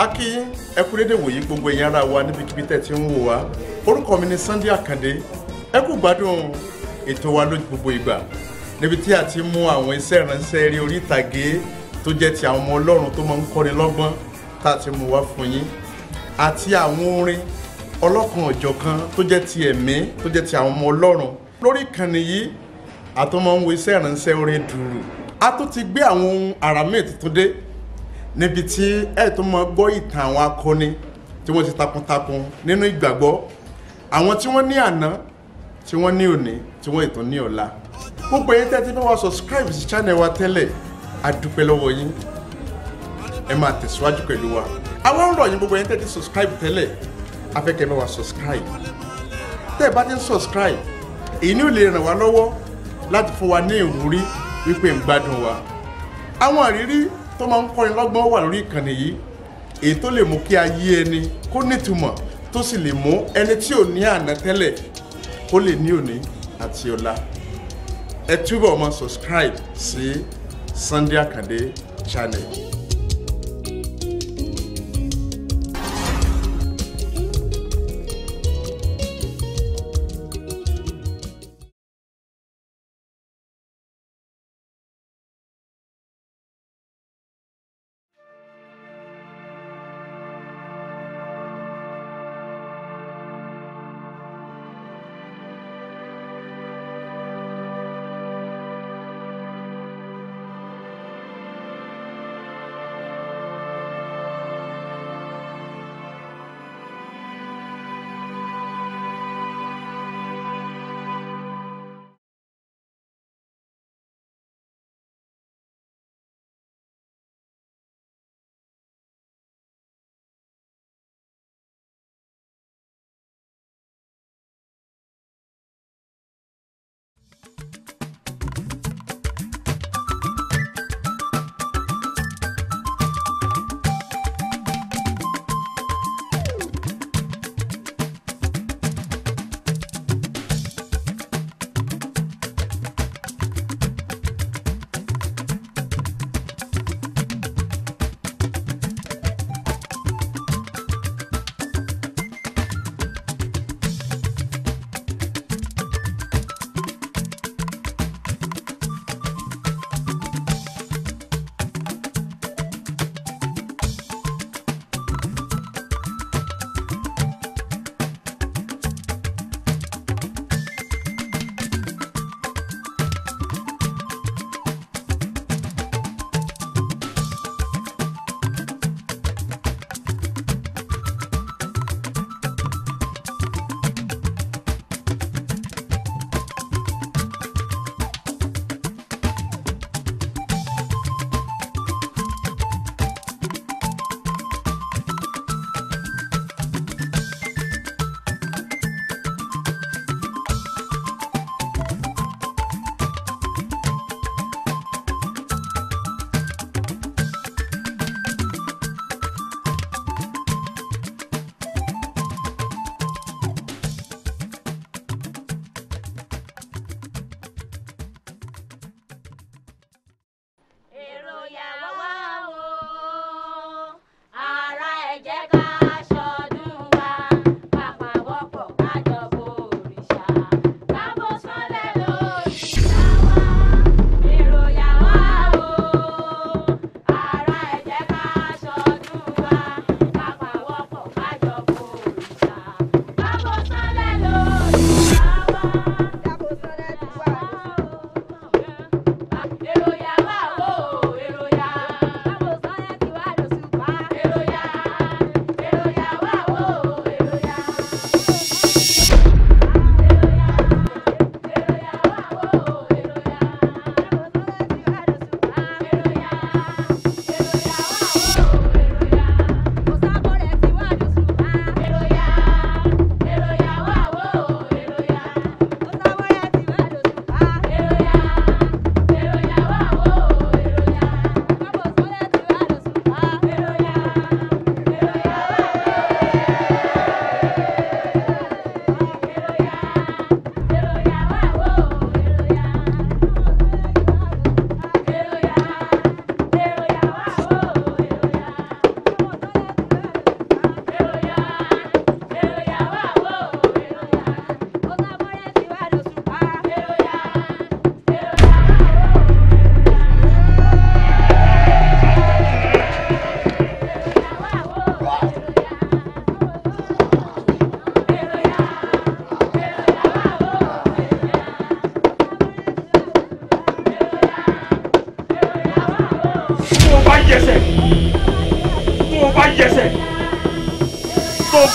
akí ẹkú dédé wòye gbogbo ẹ̀yin ara wa níbikíbi tẹ́ ti ń wò wá orúkọ mi ni Sunday Akande ẹkú gbádùn ètò wa lójú gbogbo ìgbà níbi tí a ti mú àwọn iṣẹ́ ìránṣẹ́ eré orí ìtàgé tó jẹ́ ti àwọn ọmọ Ọlọ́run tó máa ń kọ́ni lọ́gbọ́n tá a ti mú wá fún yín àti àwọn orin ọlọ́kan ọ̀jọ̀kan tó jẹ́ ti ẹ̀mí tó jẹ́ ti àwọn ọmọ Ọlọ́run lórí ìkànnì yìí àtọ́ máa ń wo iṣẹ́ ìránṣẹ́ orin dùrù a tún ti gbé àwọn ohun àrà míì tuntun dé níbi tí ẹ tó mọ gbọ́ ìtàn àwọn akọni tí wọ́n ti takuntakun nínú ìgbàgbọ́ àwọn tí wọ́n ní àná tí wọ́n ní òní tí wọ́n ìtàn ní ọ̀la gbogbo yín tẹ́tí bá wa subscribe sí channel wa tẹ́lẹ̀ a dúpẹ́ lọ́wọ́ yín ẹ máa tẹ̀síwájú pẹ̀lú wa àwọn ń rọ̀ yín gbogbo yín tẹ́tí subscribe tẹ́lẹ̀ afẹ́kẹ́ bá subscribe tẹ́ ẹ bá ti ń subscribe èyí ni ò lè ràn wá lọ́wọ́ láti fún wa ní ìwúrí wípé ń gbádùn wa àwọn àrírí tó máa ń kọ́ni lọ́gbọ́n wà lórí ìkànnì yìí èyí tó lè mú kí ayé ẹni kó nítumọ̀ tó sì lè mú ẹni tí ò ní àná tẹ́lẹ̀ kó lè ní òní àti ọ̀la ẹ túbọ̀ máa subscribe sí Sunday Akande channel.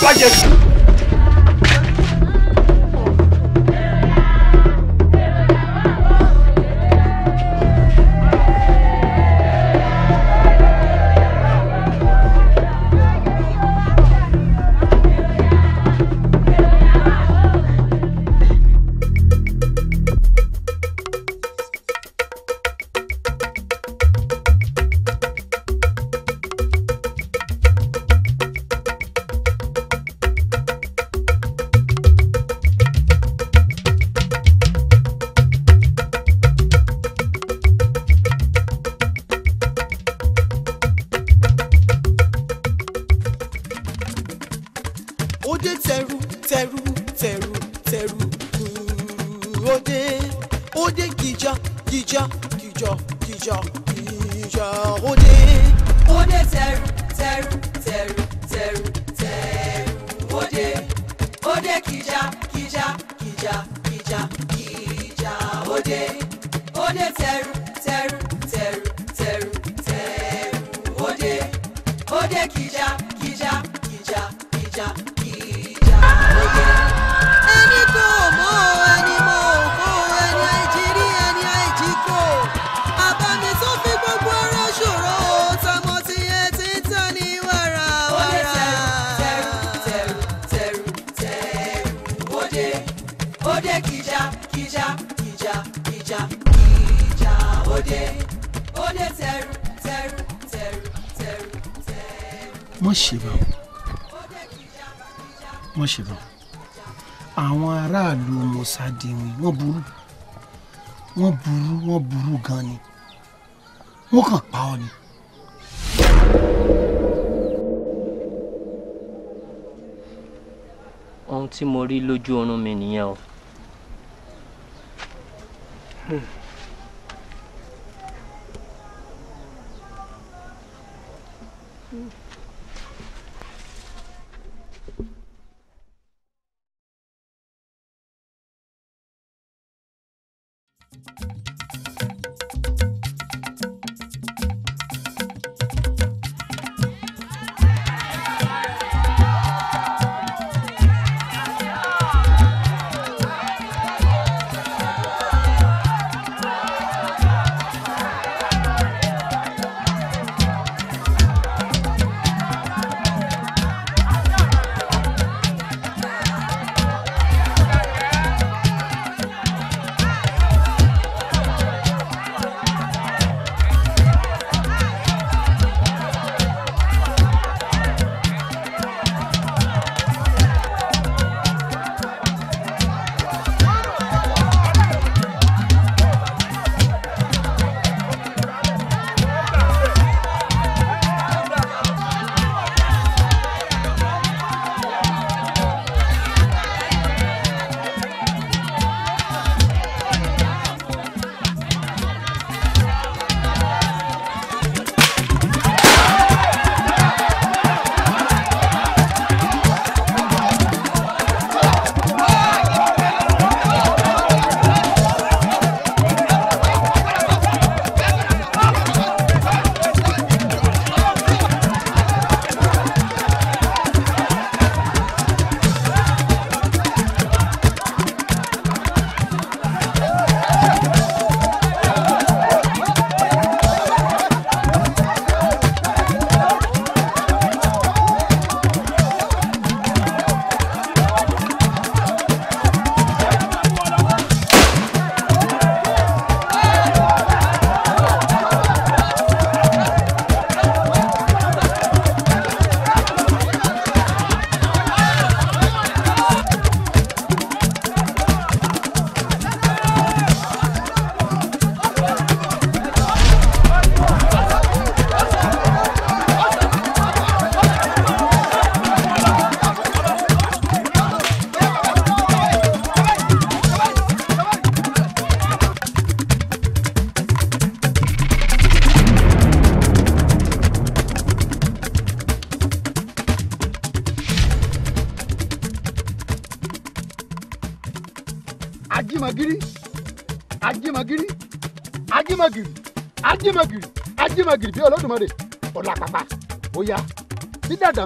budget. ohun tí mo rí lójú oorun mi nìyẹn o. Hmm.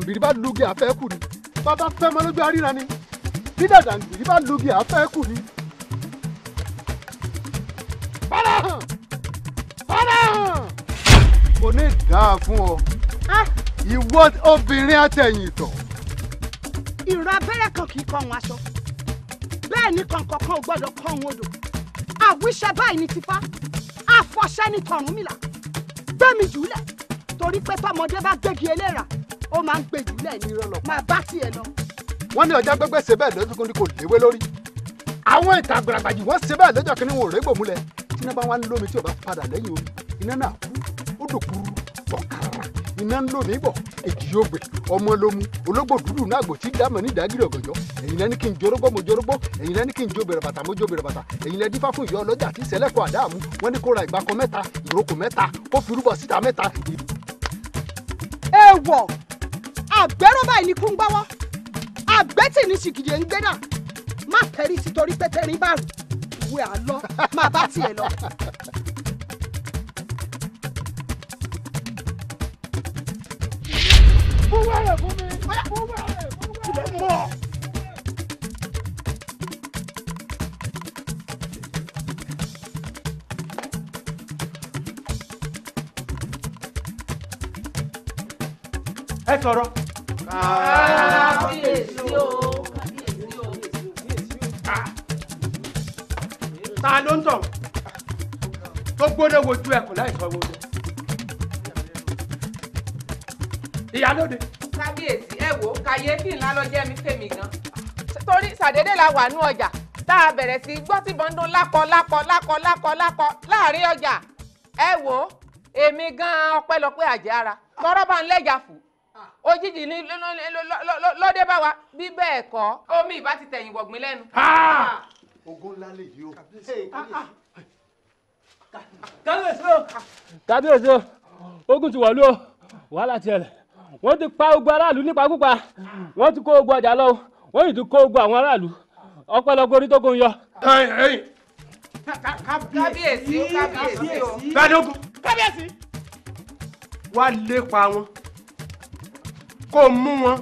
dàdàǹbìrì bá lugi àfẹ́ kù ni bàbá fẹ́ mọ lójú àríra ni bí dàdàǹbìrì bá lugi àfẹ́ kù ni. padà hàn padà hàn. kò ní dáa fún ọ ah! ìwọ obìnrin àtẹ̀yìn ìtọ̀. ìrọ̀ abẹ́rẹ́ kan kì í kọ́ wọn aṣọ bẹ́ẹ̀ ni kọ̀ǹkọ̀ ò gbọ́dọ̀ kọ́ wọn odò àwíṣẹ báyìí ni ti fa ni tọ̀rùn mi là gbẹ́mi jùlẹ̀ torí pé tọmọdé bá gbégi eléra máa ń gbé ìdílé ní ìrọlọ máa bá tiẹ̀ lọ. wọ́n ní ọjà gbẹgbẹ́ ṣe bẹ́ẹ̀ lọ́jọ́ kí kò léwé lórí. àwọn ìta àgbàlagbàjì wọ́n ṣe bẹ́ẹ̀ lọ́jọ́ kí wọn ò régbò múlẹ̀. iná bá wà ń lómi tí ò bá padà lẹ́yìn omi iná náà kú ó dùn kúrú ọ̀kàrà iná ń lómi bọ̀ èjì yóò gbé ọmọ ló ológbò dúdú náà gbò dámọ̀ ní ìdágìrì ọ̀gànjọ́ ẹ̀yin lẹ́ni kí n jorógbó mo jorógbó ẹ̀yin lẹ́ni kí n jo bèrè bàtà mo jo bèrè bàtà ẹ̀yin lẹ́ni dífá fún ìyá ọlọ́jà tí sẹ́lẹ̀kọ̀ àdáàmú wọ́n ní kó ra ìgbàkọ mẹ́ta ìrókò mẹ́ta kó fi síta mẹ́ta. ẹ àgbẹ̀rọ̀ báyìí ni kú ń gbọ́wọ́ àgbẹ̀tì ni sìkìdì ń gbé náà má tẹ̀rí sí torí pé tẹ̀rí bá rù wẹ́ à má bá tiẹ̀ lọ. fúnwẹ́ rẹ̀ fún kábíyèsí o. ta ló ń tàn tó gbóná wojú ẹkùn láì sọ wọn. ìyálóde. kábíyèsí ẹ wò kàyéfì ńlá ló jẹ́ mi fèmí gan torí ṣàdédé la wà nú ọjà tá a bẹ̀rẹ̀ sí gbọ́ tí bọ́ńdún lákọ lákọ lákọ lákọ lákọ láàrin ọjà ẹ wò èmi gan ọpẹ́lọpẹ́ àjẹ́ ara tọrọ bá ń lẹ́jà fún òjijì ni lọ́dẹ bá wa bí bẹ́ẹ̀ kọ́ omi ìbá ti tẹ̀yìn wọ̀gbìn lẹ́nu. ogun ńlá lè yí o. kábíyèsí ah, ah. o kábíyèsí o ogun ti wọ̀lú o wàhálà tiẹ̀ lẹ̀ wọ́n ti pa ogun aráàlú nípakúpa wọ́n ti kó ogun ọjà lọ wọ́n yìí ti kó ogun àwọn aráàlú ọpẹ́lọpẹ́ orí tó kó ń yọ. kábíyèsí kábíyèsí o kábíyèsí. wá lépa wọn kó mú wọn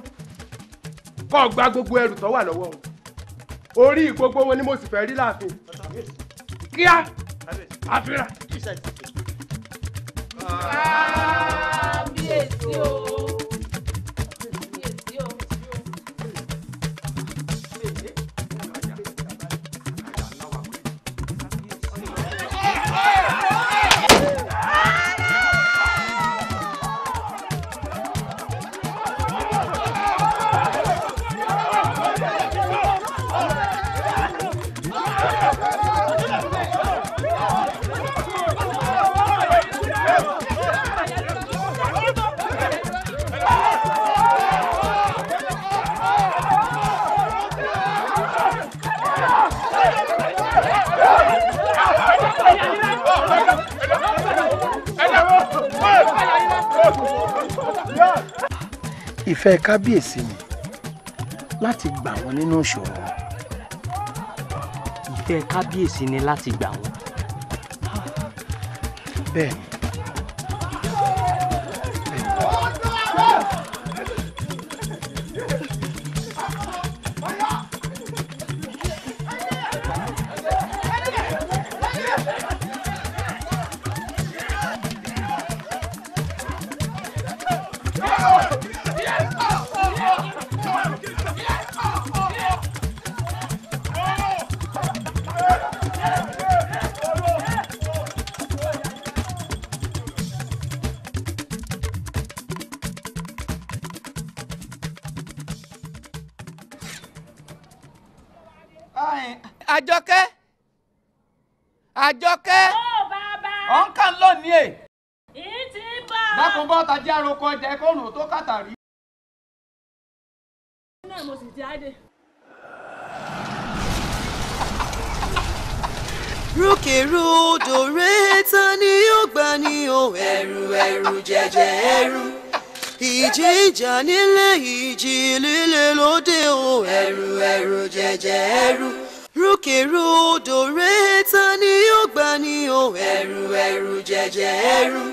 kó gba gbogbo ẹrù tó wà lọ́wọ́ wọn orí gbogbo wọn ni mo sì fẹ́ rí láàfin kíá àfihàn. kábíyèsí o. ìfẹ́ kábíyèsí ni láti gbà wọ́n nínú ìṣòro. ìfẹ́ kábíyèsí ni láti gbà wọ́n jáde. rúkèrúdò rẹ́ta ni yóò gbà ní o ẹ̀rù ẹ̀rù jẹjẹ ẹ̀rù ìjì ìjà nílé ìjì líle lóde o ẹ̀rù ẹ̀rù jẹjẹ ẹ̀rù rúkèrúdò rẹ́ta ni yóò gbà ní o ẹ̀rù ẹ̀rù jẹjẹ ẹ̀rù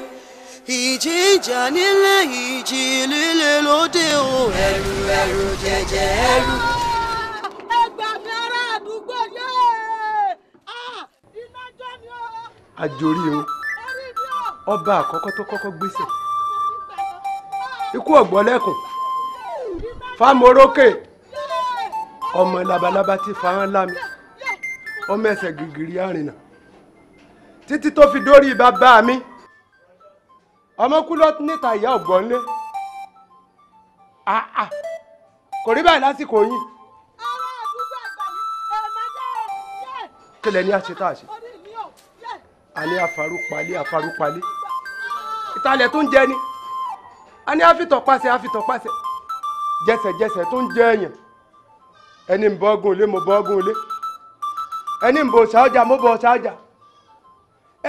ìjì ìjà nílé ìjì líle lóde o. ẹrù ẹrù jẹjẹ ẹrù. ẹgbàgbẹ́rẹ́ àdúgbò yé iná jọ ni o. àjòrí o ọba àkọ́kọ́ tó kọ́kọ́ gbèsè ikú ọ̀gbọ́n lẹ́kùn fámorókè ọmọ labalábá ti fa hàn lámi ọmọ ẹsẹ̀ gìgìrì àrìnà títí tó fi dórí bàbá mi. Yeah ọmọ kú lọ níta ìyá ọ̀gbọ́nlé ah, ah. kò rí báyìí lásìkò yín. ará àdúgbò àgbàlí ẹ̀ẹ́mẹ́jẹ́ ẹ̀. kílẹ̀ ní àṣẹ tá a ṣe. alẹ́ afarúpalẹ́ afarúpalẹ́ ìtàlẹ̀ tó ń jẹ ni a ní àfitọ̀pàṣẹ àfitọ̀pàṣẹ jẹsẹjẹsẹ tó ń jẹ èèyàn ẹni ń bọ́gùn ilé mo bọ́gùn ilé ẹni ń bọ òṣà ọjà mo bọ òṣà ọjà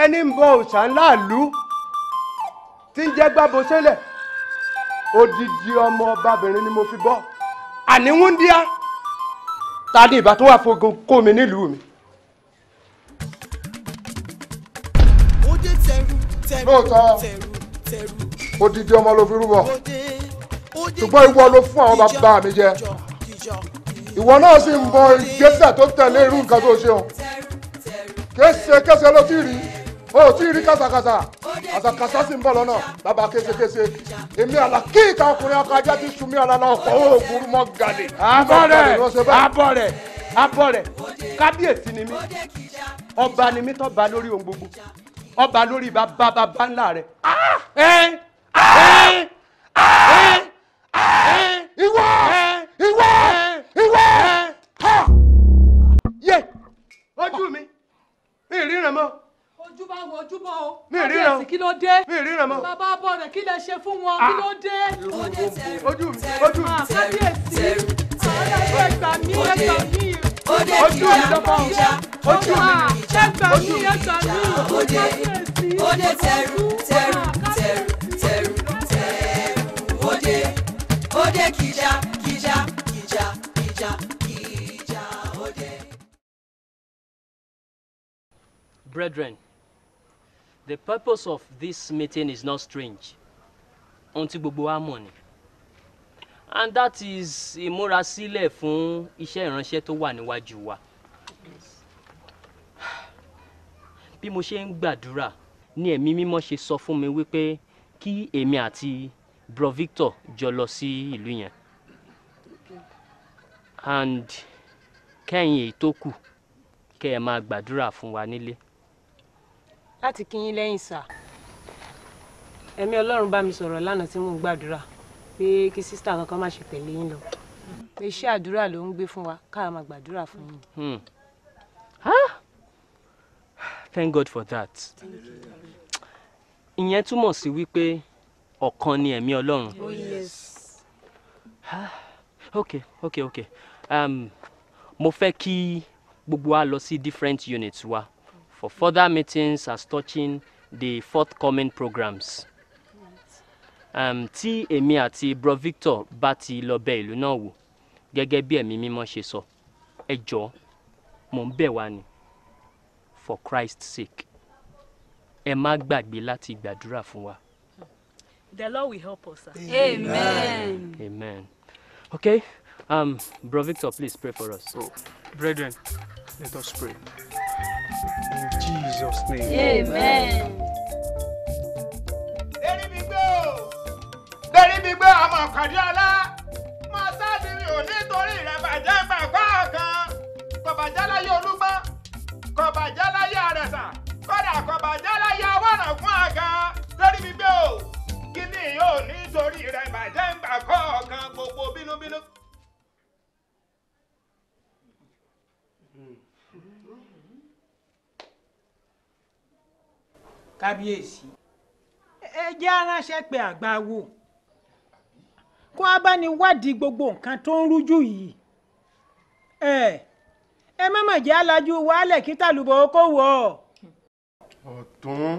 ẹni ń bọ òṣà ńlá ìlú tí ń jẹ́ gbàbó sẹ́lẹ̀ odidi ọmọ ọbabìnrin ni mo fi bọ́ àníwúndíá ta ni ìbá tó wà fogun kó mi nílùú mi. òde tẹrù tẹrù tẹrù tẹrù odidi ọmọ ló fi rúbọ ṣùgbọ́n ìwọ ló fún àwọn bàbá mi jẹ ìwọ náà sì ń bọ ìgbésẹ̀ tó tẹ̀lé irú nǹkan tó ṣe o kése kése ló ti rí o ti rí kàtàkàtà àtàkàtà sì ń bọ̀ lọ́nà bàbá késekése èmi àlàkí ìka ọkùnrin ọkọ ajá ti sun mí alala ọkọ̀ oògùn mọ́ gàlè. abọ́rẹ̀ abọ́rẹ̀ abọ́rẹ̀ kábíyèsí ni mí ọba ni mí tó ba lórí ohun gbogbo ọba lórí bàbá bàbá ńlá rẹ̀. Ah! Eh! Eh! Eh! ìwọ ìwọ ìwọ tọ. ojú mi mi ìríran mọ́ ojú wo ojú o. mi ríran kí ló dé. mi ríran mọ́. bàbá bọ̀ rẹ̀ kí lè ṣe fún wọn kí ah. ló dé. ojú mi ojú mi. Ah, kábíyèsí ààrẹ ẹgbà mi ẹgbà mi. ojú mi lọ́kọ̀ ah, ojú mi ẹgbà mi ẹgbà mi. kábíyèsí òde tẹrù tẹrù tẹrù tẹrù tẹrù òde Brethren, the purpose of this meeting is not strange ohun tí gbogbo wa mọ̀ ni and that is ìmúrasílẹ̀ fún iṣẹ́ ìránṣẹ́ tó wà níwájú wa bí mo ṣe ń gbàdúrà ni ẹ̀mí mímọ́ ṣe sọ fún mi wípé kí èmi àti bro Victor jọ lọ sí ìlú yẹn and kẹ́yìn èyí tó kù kẹ́ ẹ máa gbàdúrà fún wa nílé láti kí lẹ́yìn sà ẹ̀mí ọlọ́run bá mi sọ̀rọ̀ lánàá tí mò ń gbàdúrà pé kí sísítà kankan má ṣe tẹ̀lé yín lọ pé iṣẹ́ àdúrà ló ń gbé fún wa ká máa gbàdúrà fún yín. Hmm. Thank God for that. ìyẹn túmọ̀ sí wípé ọ̀kan ni ẹ̀mí ọlọ́run. Oh yes. ok ok ok um, mo fẹ́ kí gbogbo wa lọ sí different units wa. Wow for further meetings as touching the forthcoming programs. Um, tí èmi àti bro Victor bá ti lọ bẹ̀ ìlú náà wò gẹ́gẹ́ bí ẹ̀mí mímọ́ ṣe sọ ẹ jọ̀ọ́ mò ń bẹ̀ wá ni for Christ's sake ẹ má gbàgbé láti gbàdúrà fún wa. The Lord will help us. Amen. Amen. Okay, um, bro Victor, please pray for us. Oh, brethren, let us pray. Jesus' name. Amen. Lérí mi gbé o, lérí mi gbé ọmọ ọ̀kadì ọlá, mo sáàdì mi ò nítorí rẹ̀ bàjẹ́ gbàgbọ́ kan, kò bàjẹ́ láyé olúgbọ́, kò bàjẹ́ láyé àrẹ̀sà, kódà kò bàjẹ́ láyé awọ́nà fún àga. Lérí mi gbé o, kí ni yóò nítorí rẹ̀ bàjẹ́ gbàgbọ́ kábíyèsí ẹ jẹ́ aránṣẹ́ pé àgbà wò kó a bá ní wádìí gbogbo nǹkan tó ń rújú yìí ẹ ẹ má mà jẹ́ alájú wàhálẹ̀ kí tàlùbọ̀ kó wọ̀ ọ́. ọ̀tún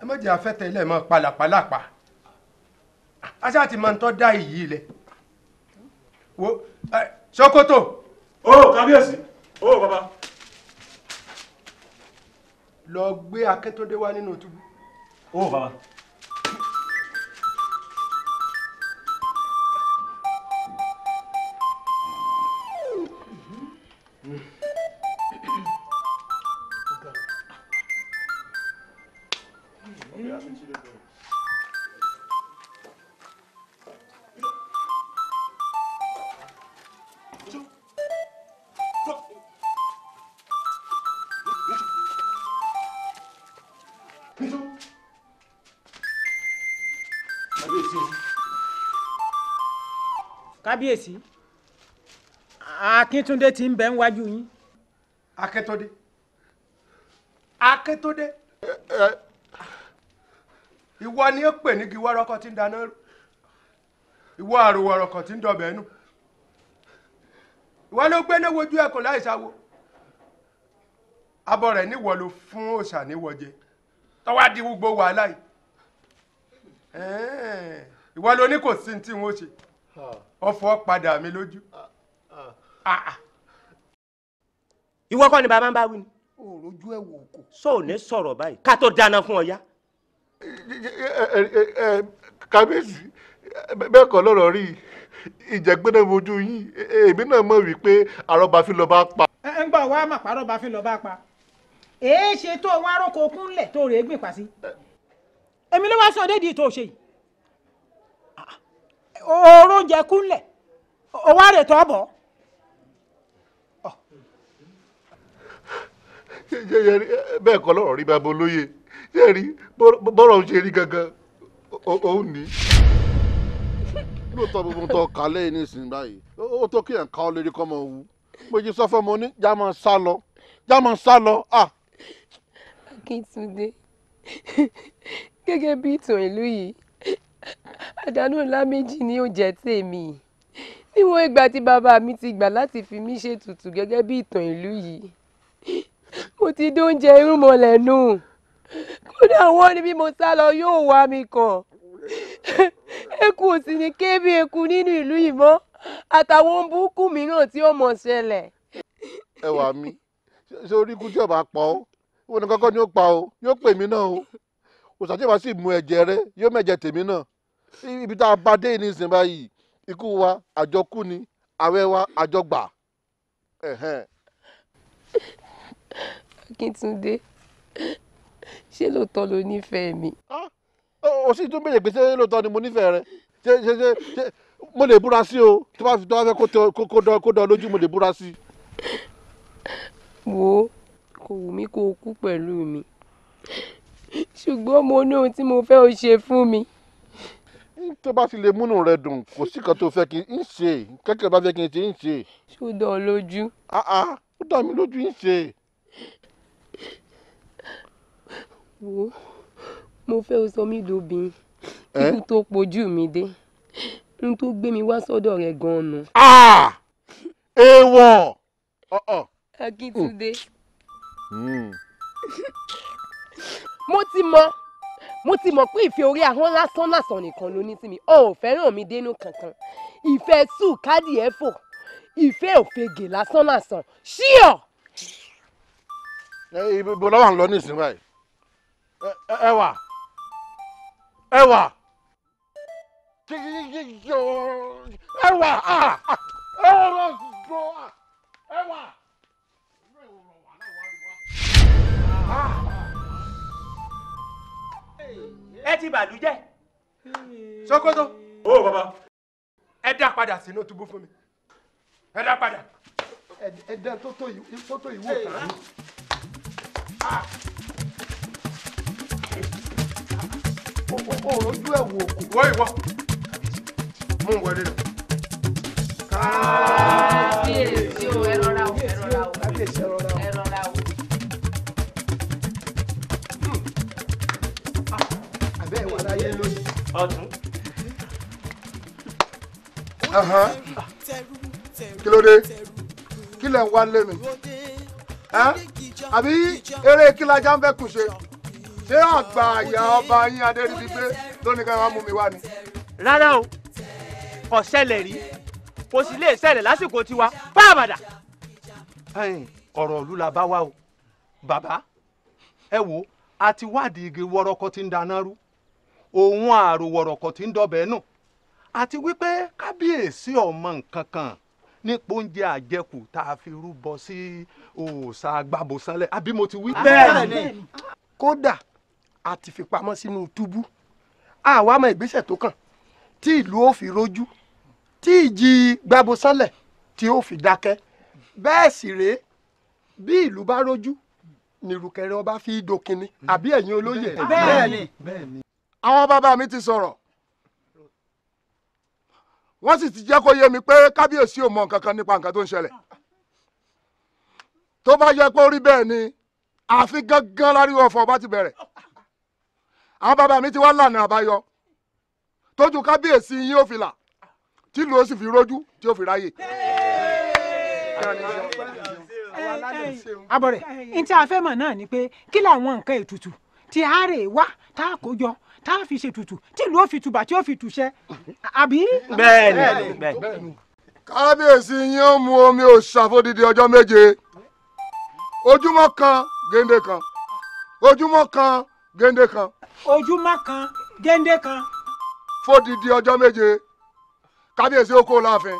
ẹ má jẹ́ afẹ́tẹ̀ ilẹ̀ mọ́ palàpalàpà aṣá ti máa ń tọ́ dá èyí lẹ̀ wo ṣòkòtò. o kábíyèsí o bàbá lọ gbé Akíntúndé wá nínú túbú. ó bàbá kábíyèsí akíntúndé ti ń bẹ ń wájú yín. akíntúndé akíntúndé ìwọ ni ó pè ní giwọ́rọ́kọ tí ń dáná rú ìwọ àròwọ̀rọ̀kọ tí ń dọ̀bẹ̀ nù ìwọ ló gbé ní wojú ẹkùn láì sáwo abọ rẹ níwọ ló fún òòṣà níwọ jẹ tọwọ adiwugbo wàhálà yìí ìwọ ló ní kò sí ní tí wọn ó ṣe. ọ̀fọ̀ padà mi lójú. Ah, ah. Ah, ìwọ kọ ni bàbá ń bá wí ni. wò kò. sọ ò ní sọ̀rọ̀ báyìí ká tó dáná fún ọ yá. Eh, eh, kábíyèsí bẹ́ẹ̀ kọ́ lọ́rọ̀ rí ìjẹ́gbẹ́dẹ́ yín èmi náà mọ̀ wípé bá pa. ẹ wá mà bá pa èé ṣe tó wọn aróko kúnlẹ̀ tó rèé gbìn eh. èmi ló wá sọ déédéé tó ṣe yìí. oorun jẹ kúnlẹ̀ owó àrètò ọbọ. bẹ́ẹ̀ kọ́ lọ́rọ̀ rí bàbá olóye yẹ́rí bọ́rọ̀ ń ṣe rí gangan òun ni. lóòótọ́ gbogbo tó kà lẹ́yìn nísìnyí báyìí ó tó kíyàn ká ọ lórí kọ́ mọ wu mo jí sọ fún ọmọ ní já máa sá lọ já máa sá lọ. Akíntúndé gẹ́gẹ́ bí ìtàn ìlú yìí àdánù ńlá méjì ni ó jẹ́ tèmi níwọ̀n ìgbà tí bàbá mi ti gbà láti fi mí ṣètùtù gẹ́gẹ́ bí ìtàn ìlú yìí mo ti dóúnjẹ irúnmọlẹ̀ nù kódà wọ́n ní bí mo sá lọ yóò wá mi kàn eku ò sì ní ké bí eku nínú ìlú yìí mọ́ àtàwọn búkú mìíràn tí ó mọ̀ ṣẹlẹ̀. ẹ wà mí ṣé orí ikú tí ọba pa ọ wọn ni kọ́kọ́ ni ó pa ọ yóò pè mí náà o òṣàjọba sì mú ẹ̀jẹ̀ rẹ yóò mẹ̀jẹ̀ tèmi náà ibi tá a bá dé ní ìsìn báyìí ikú wa àjọkú ni àwẹ̀ wa àjọgbà. akíntúndé ṣé lóòótọ́ ló nífẹ̀ẹ́ mi. o sì tún béèrè pé ṣé lóòótọ́ ni mo nífẹ̀ẹ́ rẹ ṣé ṣé ṣé mo lè búra sí o tó bá fi tó bá fẹ́ kó dán lójú mo lè búra sí. wo kò wù mí kó o kú pẹ̀lú mi ṣùgbọ́n mo ní ohun tí mo fẹ́ o ṣe fún mi tó bá ti lè múnú rẹ dùn kò sí kan tó fẹ́ kí n ṣe kẹ́kẹ́ bá fẹ́ kí n ṣe ń ṣe. ṣé ó dán ọ lójú. àá ó dá mi lójú ń ṣe. wo mo fẹ́ o sọ mí lóbin ikú tó pojú mi dé n tó gbé mi wá sọ́dọ̀ rẹ̀ gan-an nù. èèwọ̀. akíntúndé hmm. mo ti mọ mo ti mọ̀ pé ìfẹ́ orí ahọ́n lásán lásán nìkan ló ní sí mi ò fẹ́ràn mi dénú kankan ìfẹ́ sùn káàdì ẹ̀ fò ìfẹ́ òfegè lásán lásán ṣíọ̀. ẹ ibo lọ́wọ́ à ń lọ ní ìsìn báyìí ẹ wà ẹ wà ẹ wà ẹ wà ẹ wà. Ah! ẹ ti bàlújẹ́ Sokoto. ó bàbá. ẹ dá padà sínú túbú fún mi ẹ dá padà. ẹ dá tó tó ìwọ kan. òòrùn ojú ẹ̀ wò kò. wọ́n ìwọ mú un wọlé lọ. káàkiri. o ẹ rọra o ẹ rọra o. ayé lójú. ọ̀tún. kí ló dé kí lẹ̀ ń wá lé mi àbí eré kí lajá ń fẹ́ kù ṣe ṣé àgbà àyà ọba yín adéríbi pé lónìí kan wàá mú mi wá ni. rárá o kò ṣẹlẹ̀ rí kò sì lè ṣẹlẹ̀ lásìkò tiwa pààbàdà ọ̀rọ̀ ìlú la bá wá o bàbá ẹ wo a ti wádìí igi wọ́rọ́kọ́ tí ń dáná rú òun àròwọ̀rọ̀kọ̀ tí ń dọbẹ̀ nù àti wípé kábíyèsí ọmọ nǹkan kan nípa oúnjẹ àjẹkù tá a fi rúbọ sí òòṣà agbábọ̀sánlẹ̀ àbí mo ti wí. bẹ́ẹ̀ni kódà a ti fi pamọ́ sínú túbú àwa mọ ìgbésẹ̀ tó kàn tí ìlú ó fi rojú tí ìjì gbábọ̀sánlẹ̀ tí ó fi dákẹ́ bẹ́ẹ̀ sì rèé bí ìlú bá rojú nìrùkẹ̀rẹ̀ ọba fi dòkìnní àbí ẹ̀yin olóyè. bẹ́ẹ̀ni bẹ́ẹ̀ni àwọn bàbá mi ti sọ̀rọ̀ wọ́n sì ti jẹ́ kó yé mi pé kábíyèsí ò mọ nǹkan kan nípa nǹkan tó ń ṣẹlẹ̀ tó bá yẹ pé ó rí bẹ́ẹ̀ ni àfi gángan láríwọ̀ ọ̀fọ̀ bá ti bẹ̀rẹ̀ àwọn bàbá mi ti wá lànà àbáyọ tójú kábíyèsí yín ó fi là tìlú ó sì fi rójú tí ó fi ráyè. abọ̀rẹ̀ ní tí a fẹ́ mọ̀ náà ni pé kí làwọn nǹkan ètùtù tí a rè wá tá a kó jọ tá a fi ṣètùtù tí ìlú ó fi tùbà tí ó fi tùṣẹ àbí. bẹ́ẹ̀ni bẹ́ẹ̀ni. kábíyèsí yín ó mu omi òòṣà fódìdí ọjọ́ méje ojúmọ́ kan géńdé kan ojúmọ́ kan géńdé kan. ojúmọ́ kan géńdé kan. fódìdí ọjọ́ méje kábíyèsí ó kó láàfin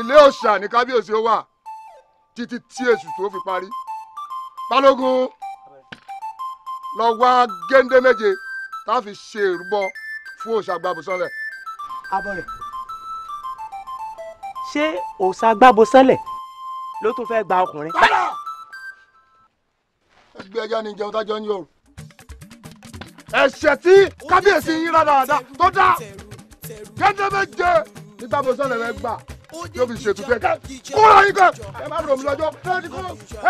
ilé òòṣà ní kábíyèsí ó wà títí tí èṣù tó fi parí balógun lọ wá géńdé méje tá a fi ṣe ìrúbọ fún òòṣà gbàbọ̀sánlẹ̀. abọ́rẹ̀ ṣé òòṣà gbàbọ̀sánlẹ̀ ló tún fẹ́ gba ọkùnrin. ẹgbẹ́ ẹja ni ìjẹun tájọ ń yọ òrùn ẹ̀ṣẹ̀ tí kábíyèsí yín rárá dáadáa tó dáa géńdé méje nígbà bọ̀sánlẹ̀ rẹ gbà yóò fi ṣètò tẹ ká kúrò yín kan ẹ má ròmí lọ́jọ́ ẹ ti kó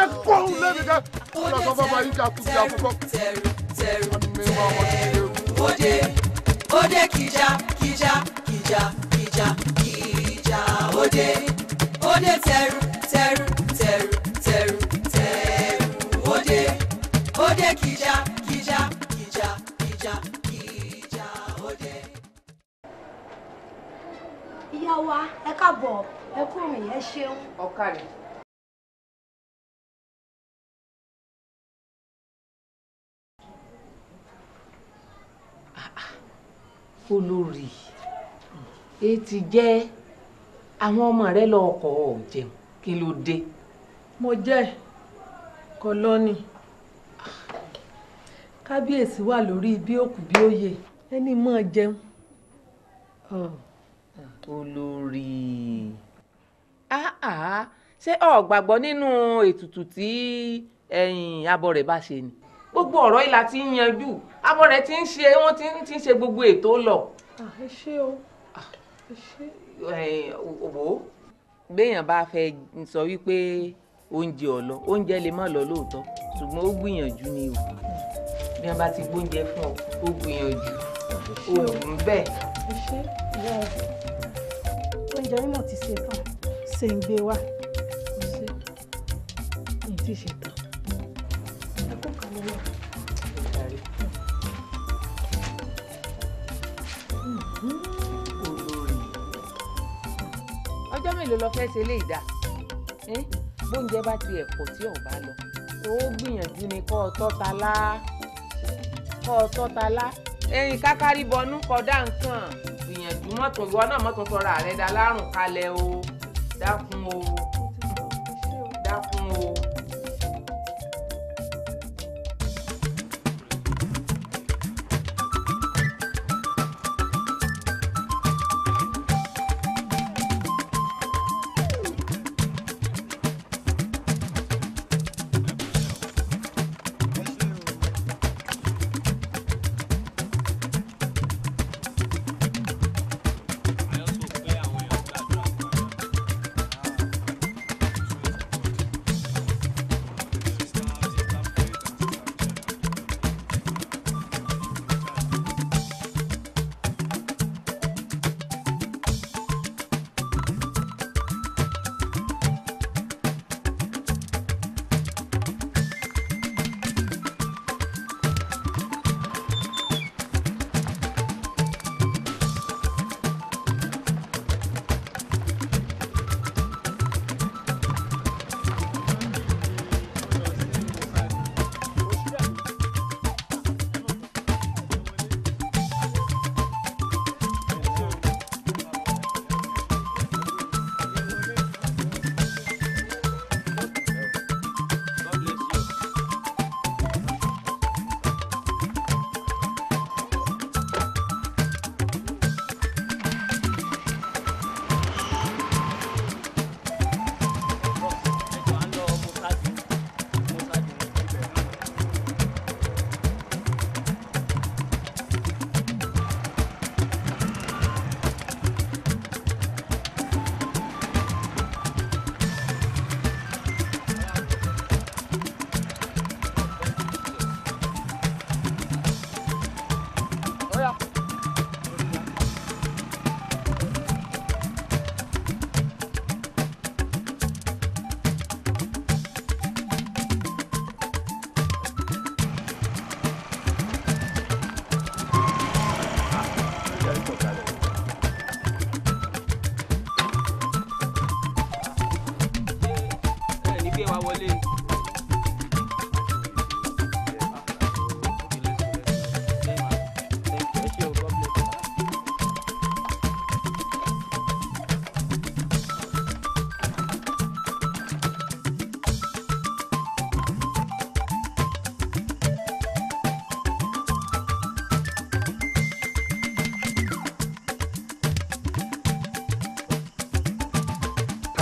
ẹ kó òun lẹ́bi ká kó lọ sọ yín ká kúbi àkókò. òde òde kìjà kìjà kìjà kìjà kìjà òde òde tẹrù tẹrù tẹrù tẹrù tẹrù òde òde kìjà kìjà kìjà kìjà. ìyá wa ẹ káàbọ̀ ẹ kú O ẹ ṣeun. ọ̀kàrẹ̀. olórí e ti jẹ́ àwọn ọmọ rẹ lọ́ọ̀kọ̀ jẹun kí ló dé. mo jẹ́ kọlọ́nì kábíyèsí wà lórí bí òkú bí ó yè ẹni mọ́ Oh olórí ṣé o gbàgbọ́ nínú ètùtù tí abọ́ rẹ̀ bá ṣe ni gbogbo ọ̀rọ̀ ìlà ti ń yanjú abọ́ rẹ̀ ti ń ṣe wọ́n ti ń ṣe gbogbo ètò lọ. Ah, ẹ ṣé o ẹ ṣé. òwò béèyàn bá fẹ́ sọ wípé oúnjẹ ọ̀lọ oúnjẹ lè má lọ lóòótọ́ ṣùgbọ́n ó gbìyànjú ni o bí wọ́n bá ti gbóúnjẹ fún ọ ó gbìyànjú o ò ń bẹ̀. ẹ ṣé ìyá ọ̀gbìn oúnjẹ yín náà ti ṣe tán ṣe ń gbé wá kò sí ní ti ṣe tán hmm. ọjọ́ mélòó lọ fẹ́ ṣe lè dà bóúnjẹ bá ti ẹ̀pọ̀ tí ò bá lọ ó gbìyànjú ni kọ́ ọ tọ́ta lá kọ́ ọ tọ́ta lá ẹ̀yìn kákárí bọnú kọ́ dá nǹkan gbìyànjú mọ́tò ìwọ náà mọ́tò sọ̀rọ̀ àrẹ dá lárùn kalẹ̀ o dákun o.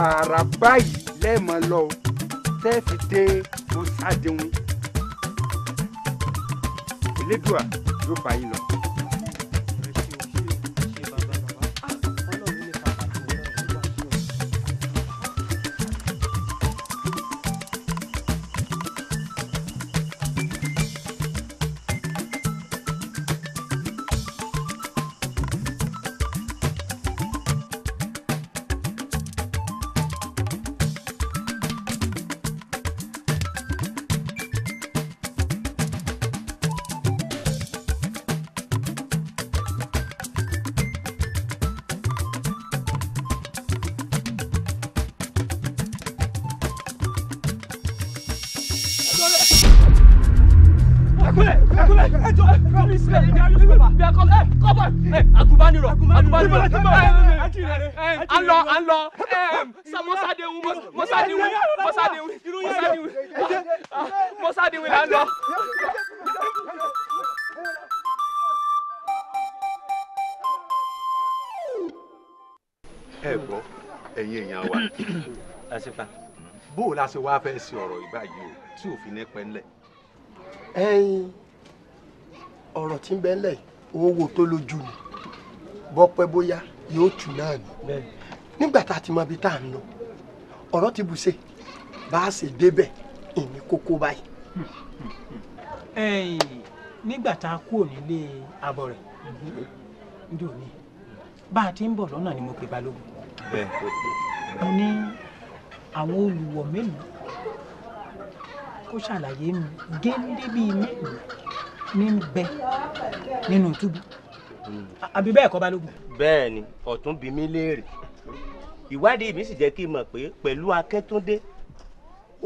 tààrà báyìí lẹ́ẹ̀mọ́ lọ tẹ́ fi dé mọ́sádéhùn elédùà yóò bá yín lọ. fèsì ọ̀rọ̀ ìbáyìí o tí òfin ní pẹ́ńlẹ̀. ẹyin ọ̀rọ̀ tí ń bẹ ńlẹ̀ owó tó lójú ni bọ́pẹ́ bóyá yóò tù náà ni nígbà tá a ti mọ ibi tá à ń ti bù ṣe bá a ṣe débẹ̀ ìní kókó báyìí. nígbà tá a kúrò nílé abọ́ rẹ̀ ndò bá a ti ń bọ̀ ni mo pè balógun mo ní àwọn olùwọ̀ mélòó kó ṣàlàyé mi géńdé bíi mélòó ní bẹ nínú túbú àbí bẹ́ẹ̀ kọ́ balógun. bẹ́ẹ̀ ni ọ̀tún bí mi léèrè ìwádìí mi sì jẹ́ kí n mọ̀ pé pẹ̀lú akẹ́túndé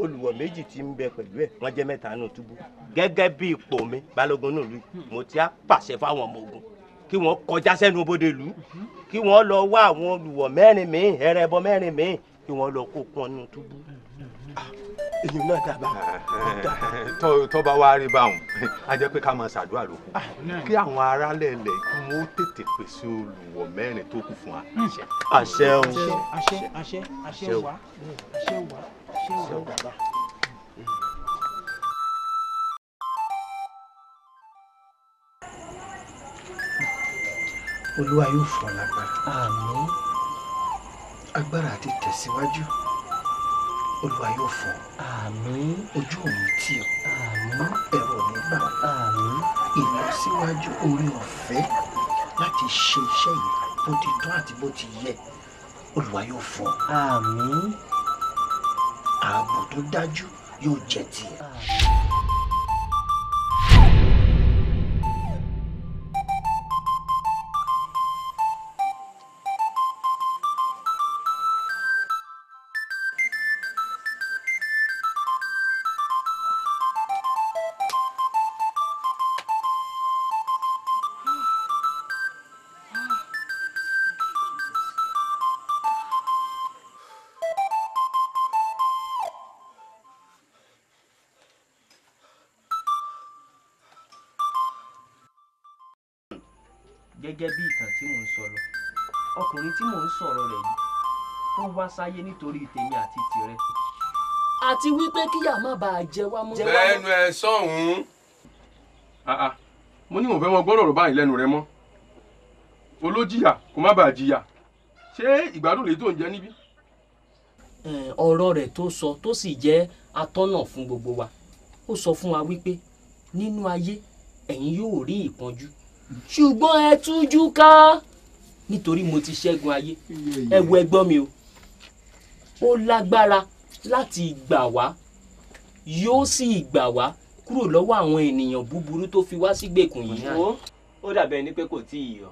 olùwọ̀ méjì tí ń bẹ pẹ̀lú ẹ̀ wọ́n jẹ́ mẹ́ta nù túbú gẹ́gẹ́ bí ipò mi balógun nù lùi mo ti á pàṣẹ fáwọn ọmọ ogun kí wọ́n kọjá sẹ́nu bodè lù kí wọ́n lọ wá àwọn olùwọ̀ mẹ́rin mi-ín ẹrẹ́bọ mi kí wọ́n lọ kó pọn nínú túbú èyí náà dábàá. tó bá wá rí báwọn a jẹ́ pé ká máa ṣàdúrà ló kù ah, kí àwọn aráàlẹ̀ ilẹ̀ kí wọ́n tètè pèsè olùwọ̀ mẹ́rin tó kù fún wa. àṣẹ o àṣẹ àṣẹ àṣẹ wà àṣẹ wà àṣẹ wà bàbá. olúwa yóò fún ọ lágbára. àmín agbára àti tẹ̀síwájú olúwa yóò fún ọ. àmín. ojú òní tì ọ. àmín. ẹ̀rọ òní gbà ọ. ìlọsíwájú orí ọ̀fẹ́ láti ṣe iṣẹ́ yìí bó ti tọ́ àti bó ti yẹ olúwa yóò fún ààbò tó dájú yóò jẹ́ tiẹ̀. gẹ́gẹ́ bí ìtàn tí mò ń sọ lọ ọkùnrin tí mò ń sọ̀rọ̀ rẹ̀ yìí ó wá sáyé nítorí tèmi àti tìrẹ. àti wípé kíyà má bàa jẹ wá mọ́. lẹ́nu ẹ sọ̀hún. Ah, ah. mo ní mo fẹ́ mọ gbọ́dọ̀ rọ̀ báyìí lẹ́nu rẹ mọ́ olójìyà kó má bàa jìyà ṣé ìgbádùn lè tó ń jẹ níbí. ọ̀rọ̀ rẹ̀ tó sọ tó sì jẹ́ atọ́nà fún gbogbo wa ó sọ fún wa wípé nínú ayé ẹ̀yin yóò rí ìpọ́njú ṣùgbọ́n ẹ tújú ká nítorí mo ti ṣẹ́gun ayé ẹ wo ẹgbọ́n mi o ó lágbára láti gbà wá yóò sì gbà wá kúrò lọ́wọ́ àwọn ènìyàn búburú tó fi wá sígbèkùn yìí hàn. ó dàbẹ̀ ni pé kò tí ì yọ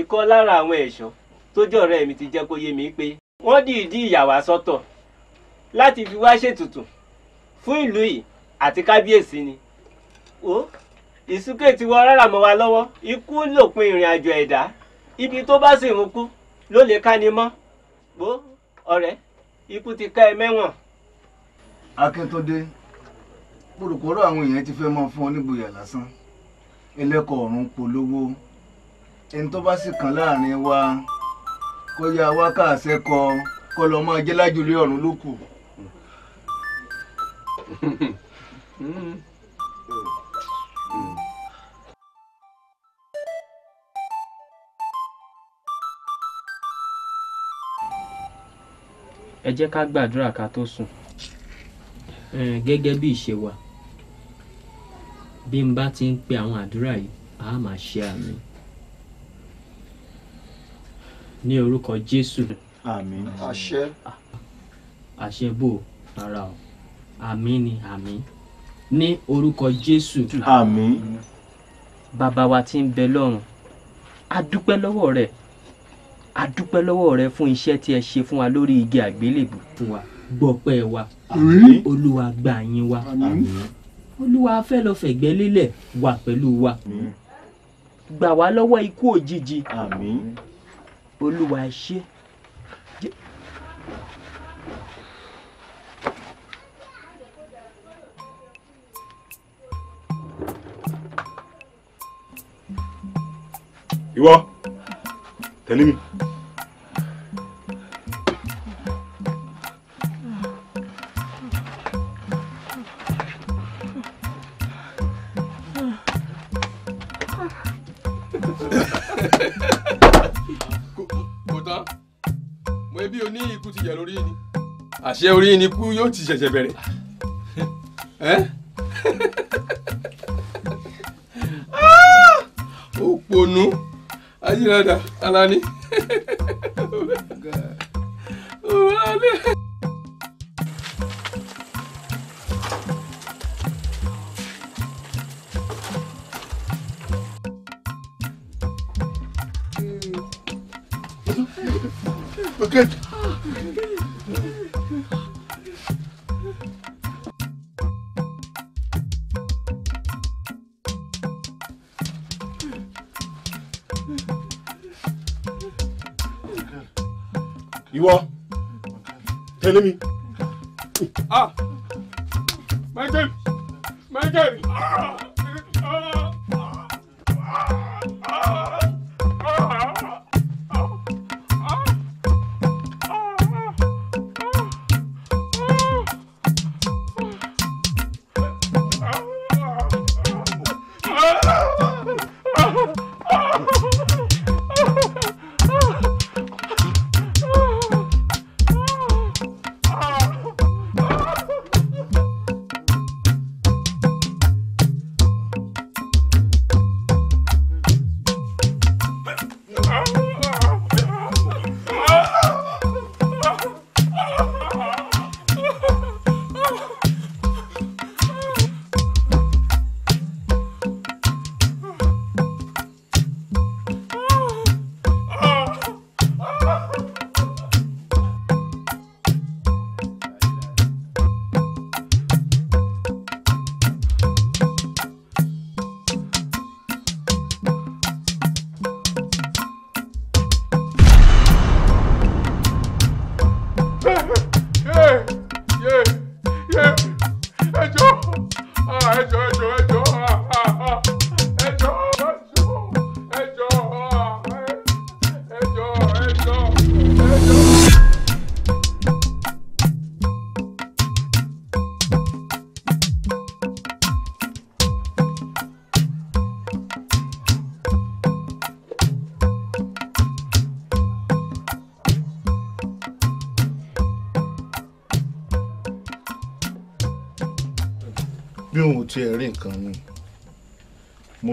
ìkan lára àwọn ẹ̀ṣọ́ tó ọ̀rẹ́ mi ti jẹ́ kó yé mi pé wọ́n dìídì yà sọ́tọ̀ láti fi wá ṣètùtù fún ìlú yìí àti kábíyèsí ni. Oh? ìsúkè ti wọ rárá mọ́ wa lọ́wọ́ ikú lòpin ìrìn àjò ẹ̀dá ibi tó bá sì ń kú ló lè ká ni mọ́ bó ọ̀rẹ́ ikú ti ká ẹ mẹ́wọ̀n. akíntúndé pòròpòrò àwọn èèyàn ti fẹ́ máa fún ọ nígboyà lásán ẹlẹ́kọ̀ọ́ ọ̀run polówó ẹni tó bá sì kàn láàrin wa kọjá wákàṣẹ́ kọ kọ lọ máa jẹ́ lájúlé ọ̀run ló kù. ẹ jẹ́ ká gbàdúrà ká tó sùn gẹ́gẹ́ bí ìṣe wa bí n bá ti ń pe àwọn àdúrà yìí a máa ṣe àmín ní orúkọ Jésù àmín àṣẹ àṣẹ bò ara o àmín ni àmín ní orúkọ Jésù àmín bàbá wa tí ń bẹ lọ́run a dúpẹ́ lọ́wọ́ rẹ̀ a dúpẹ́ lọ́wọ́ rẹ fún iṣẹ́ tí ẹ ṣe fún wa lórí igi àgbélébù fún wa gbọ́pẹ́ wa olúwa gbà yín wa olúwa fẹ́ lọ fẹ̀gbẹ́ lélẹ̀ wà pẹ̀lú wa gbà wá lọ́wọ́ ikú òjijì olúwa ṣe. ìwọ tẹ̀lé mi. àṣẹ orí ni kú yóò ti ṣẹ̀ṣẹ̀ bẹ̀rẹ̀ òpònú ajínigbà alani.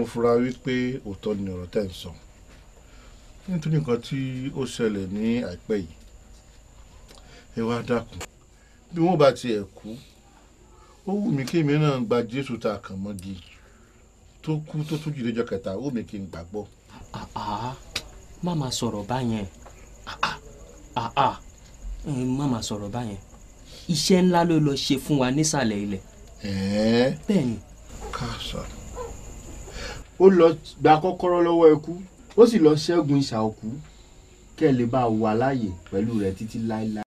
mo fura wípé òótọ́ ni ọ̀rọ̀ tẹ́ ń sọ nítorí nǹkan tí ó ṣẹlẹ̀ ní àìpẹ́ yìí ẹ wá dákun bí wọ́n bá tiẹ̀ kú ó wù mí kí èmi náà gba Jésù ta kàn mọ́gi tó kú tó tún jìde jọ́ kẹta ó mi kí n gbàgbọ́. má máa sọ̀rọ̀ báyẹn má máa sọ̀rọ̀ báyẹn iṣẹ́ ńlá ló lọ ṣe fún wa nísàlẹ̀ ilẹ̀. bẹ́ẹ̀ ni. káàsán ó lọ gba kọ́kọ́rọ́ lọ́wọ́ ẹkú ó sì lọ ṣẹ́gun ìṣà òkú kẹ́ ẹ lè bá wà láàyè pẹ̀lú rẹ̀ títí láéláé.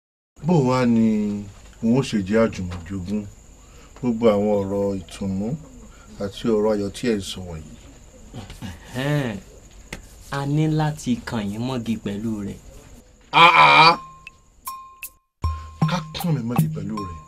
bó wàá ni wọn ó ṣe jẹ́ àjùmọ̀jogún gbogbo àwọn ọ̀rọ̀ ìtùnú àti ọ̀rọ̀ ayọ̀ tí ẹ̀ ń sọ wọ̀nyí. a ní láti kàn yín mọ́gi pẹ̀lú rẹ̀. Ah, ah, ah. ká kàn mí mọ́gi pẹ̀lú rẹ̀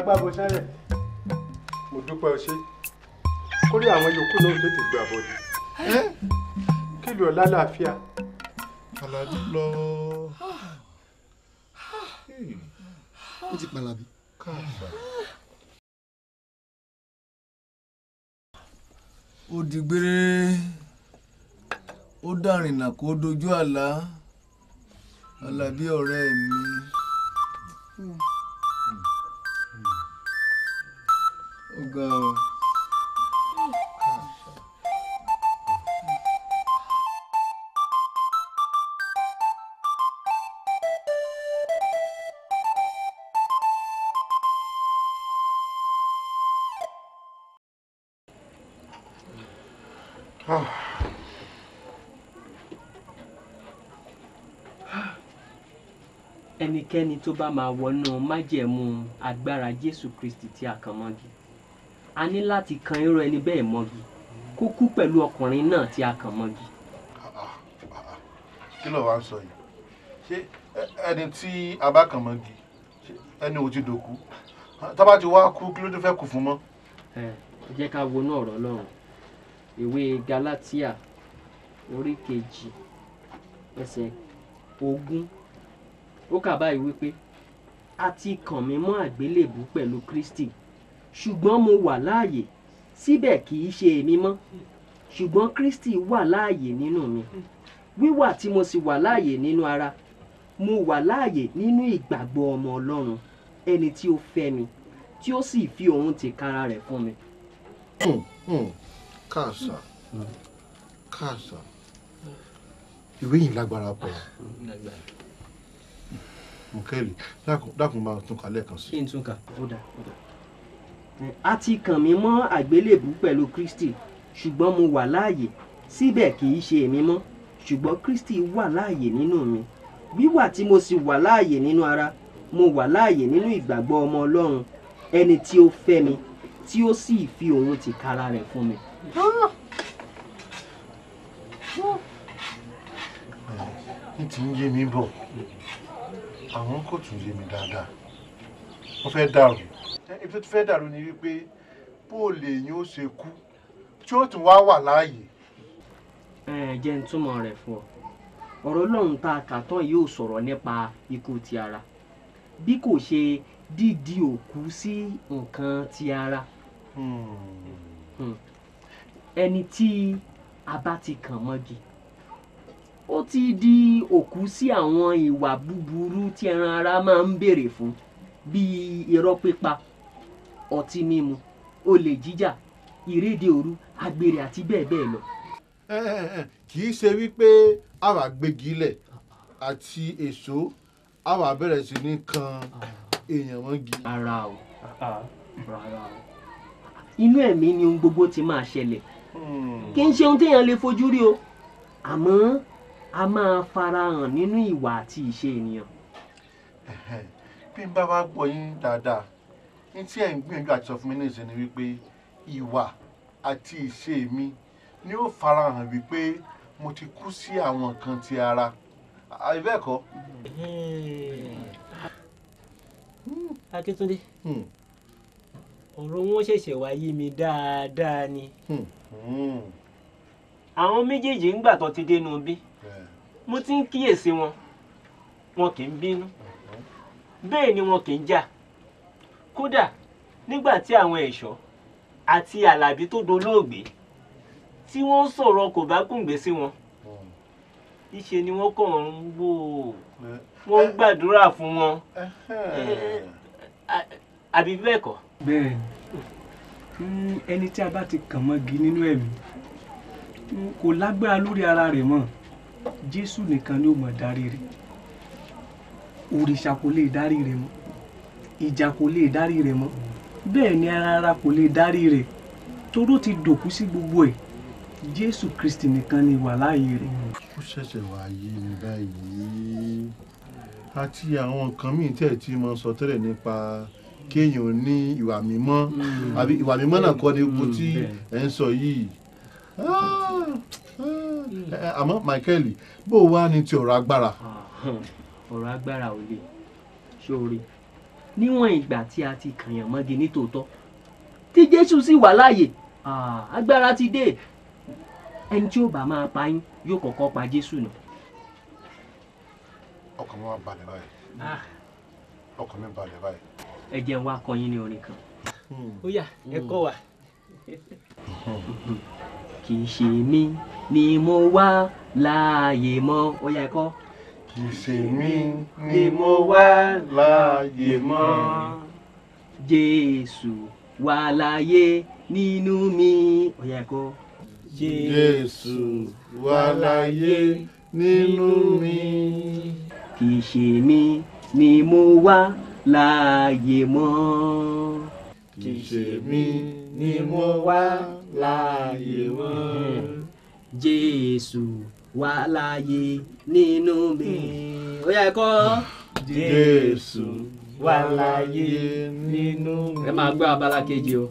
agbábo sẹ́rẹ̀ mo dúpẹ́ o ṣe kórí àwọn yòókù náà tètè gbé àbọ̀dé kílù ọ̀la láàfíà. Pàlàbí lọ. Ó ti pàlàbí. Ó di Ó dàrìnà kó dojú àlá. Àlàbí ọ̀rẹ́ mi. Mm. Go. o. ẹnikẹ́ni tó bá máa wọnú májẹ̀mú agbára Jésù Kristi tí a kàn mọ́gi a ní láti kan irú ẹni bẹ́ẹ̀ mọ́gi kó kú pẹ̀lú ọkùnrin náà tí a kàn mọ́gi. kí ló wá ń sọ yìí ṣé ẹni tí a bá kàn mọ́gi ẹni ò ti dòkú tá ti wá kú kí ló fẹ́ kù fún mọ́. ẹ jẹ́ ká wo náà ọ̀rọ̀ Ọlọ́run ìwé Galatia orí kejì ẹsẹ̀ ogún ó kà báyìí wípé a ti kàn mí mọ́ àgbélébú pẹ̀lú Kristi ṣùgbọ́n mo wà láàyè síbẹ̀ kì í ṣe èmi mọ́ ṣùgbọ́n Kristi wà láàyè nínú mi wíwà tí mo sì wà láàyè nínú ara mo wà láàyè nínú ìgbàgbọ́ ọmọ Ọlọ́run ẹni tí ó fẹ́ mi tí ó sì fi òun tìkára rẹ̀ fún mi. káàsà káàsà ìwé yìí lágbára pọ̀ Mùkẹ́lì dákun máa tún kà lẹ́ẹ̀kan sí. kí n tún kà ó dáa ó dáa a ti kàn mí mọ́ àgbélébù pẹ̀lú Kristi ṣùgbọ́n mo wà láàyè síbẹ̀ kì í ṣe èmi mọ́ ṣùgbọ́n Kristi wà láàyè nínú mi wíwà tí mo sì wà láàyè nínú ara mo wà láàyè nínú ìgbàgbọ́ ọmọ Ọlọ́run ẹni tí ó fẹ́ mi tí ó sì fi òun tìkára rẹ̀ fún mi. ní ti ń yé mi bọ̀ àwọn kò tún yé mi dáadáa wọ́n fẹ́ dàrú ibi tó ti fẹ́ dàrú ni wípé bóòlù èyí ó ṣe kú tí ó tún wá wà láàyè. ẹ jẹ́ n túmọ̀ rẹ̀ fún ọ ọ̀rọ̀ ọlọ́run tá a kà tán yóò sọ̀rọ̀ nípa ikú ti ara bí kò ṣe dídi òkú sí nǹkan ti ara hmm. Hmm. ẹni tí a bá ti kàn mọ́gi ó ti di òkú sí àwọn ìwà búburú tí ẹran ara máa ń béèrè fún bíi irọ́ pípa ọtí mímu olè jíjà ìrédè òru agbèrè àti bẹ́ẹ̀ bẹ́ẹ̀ lọ. kì í ṣe wípé àwa gbégi ilẹ̀ àti èso àwa bẹ̀rẹ̀ sí ní kan èèyàn mọ́gi. ara o rárá o inú ẹ̀mí ni ohun gbogbo ti máa ṣẹlẹ̀ hmm. kì í ṣe ohun téèyàn lè fojú rí o àmọ́ a máa farahàn nínú ìwà àti ìṣe ènìyàn. bí bá wá gbọ́ yín dáadáa ní tí ẹ̀ ń gbìyànjú àti sọ fún mi ní ìsinmi wípé ìwà àti ìṣe mi ni ó farahàn wípé mo ti kú sí àwọn nǹkan ti ara àìbẹ́ẹ̀kọ́. Hmm. akíntúndé hmm. ọ̀rọ̀ wọn ṣẹ̀ṣẹ̀ wá yé mi dáadáa ni hmm. àwọn méjèèjì ńgbà tó ti dénú bí mo ti ń kíyèsí wọn wọn kì í bínú bẹ́ẹ̀ ni wọn kì í jà. Ja kódà nígbà tí àwọn ẹ̀ṣọ́ àti alábí tó dolóògbé tí wọ́n sọ̀rọ̀ kò bá kùngbé sí wọn ìṣe ni wọ́n kàn ń wò wọ́n ń gbàdúrà fún wọn eh, àbí bẹ́ẹ̀ kọ́. bẹ́ẹ̀ ẹni tí a bá ti kàn mọ́gi nínú ẹ̀mí kò lágbára lórí ara rẹ̀ mọ́ jésù nìkan ni ó mọ̀ dárí rẹ̀ òrìṣà kò lè dárí rẹ̀ mọ́ ìjà kò lè dárí rẹ̀ mọ́ bẹ́ẹ̀ ni ara ara kò lè dárí rẹ̀ toró ti dòkú sí gbogbo ẹ̀ jésù kristi nìkan ni wà láàyè rẹ̀. ó ṣẹ̀ṣẹ̀ wá yé mi báyìí àti àwọn nǹkan míì tẹ̀ tí mo sọ tẹ́lẹ̀ nípa kéèyàn ní ìwà mímọ́ mm. àbí ìwà mímọ́ náà kọ́ ni ipò mm. tí ẹ̀ ń sọ yìí ah, ah. àmọ́ Michael bó o wá ní ti ọ̀rọ̀ agbára. Ah, ọ̀rọ̀ agbára ò lè ṣó níwọ̀n ìgbà tí a ti kàyàn mọ́gi nítòótọ́ tí Jésù sì wà láàyè agbára ti dé ẹni tí ó bá máa pa yín yóò kọ́kọ́ pa Jésù nù. ọkàn mi wá balẹ̀ báyìí ah. ọkàn mi balẹ̀ báyìí. ẹ jẹ́ wá kọ́ ní orin kan. ó yá ẹ kọ́ wa. kì í ṣe mí ni mo wá láàyè mọ́ ó yá ẹ kọ́ ìsinmi ni mo wá láàyè mọ́. Jésù wà láàyè nínú mi ọ̀yà ẹ̀kọ́. Jésù wà láàyè nínú mi. Kì í ṣe mi ni mo wá láàyè mọ́. Kì í ṣe mi ni mo wá láàyè mọ́. Jésù wà láàyè nínú mi ó yá ẹ kọ́. Jésù wà nínú mi. ẹ máa gbọ́ abala kejì o.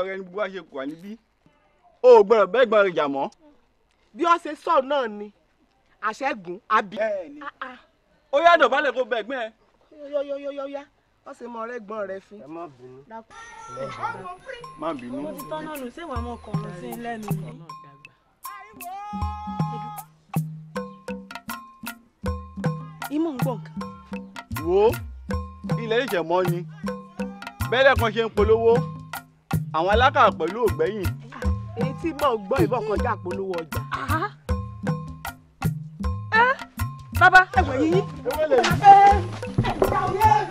agbára rẹ ni bó bá ṣe kù wá níbí o ò gbọ́dọ̀ bẹ́ẹ̀ gbọ́dọ̀ rẹ̀ jà mọ́. bí wọ́n ṣe sọ̀rọ̀ náà ni àṣẹ́gun àbí. Ah, ah. ó yá dọ̀bálẹ̀ kó bẹ̀gbẹ́ ẹ. yóyóyóyóyá wọ́n sì mọ ọ̀rẹ́gbọ́n rẹ fún. ẹ má bínú. má bínú. mo ti tọ́nà lù sí ìwà ọmọkùnrin sí lẹ́nu mi. ìmọ̀ ń gbọ̀n kan. wo ilẹ̀ ìṣẹ̀mọ́ ni bẹ́lẹ̀ kan ṣe ń polówó àwọn alákà pẹ̀lú ògbẹ́yìn èyí tí mo gbọ́ ìbọn kọjá àpolówó ọjà. bàbá ẹ̀wẹ̀ yín. ẹ ẹ ẹ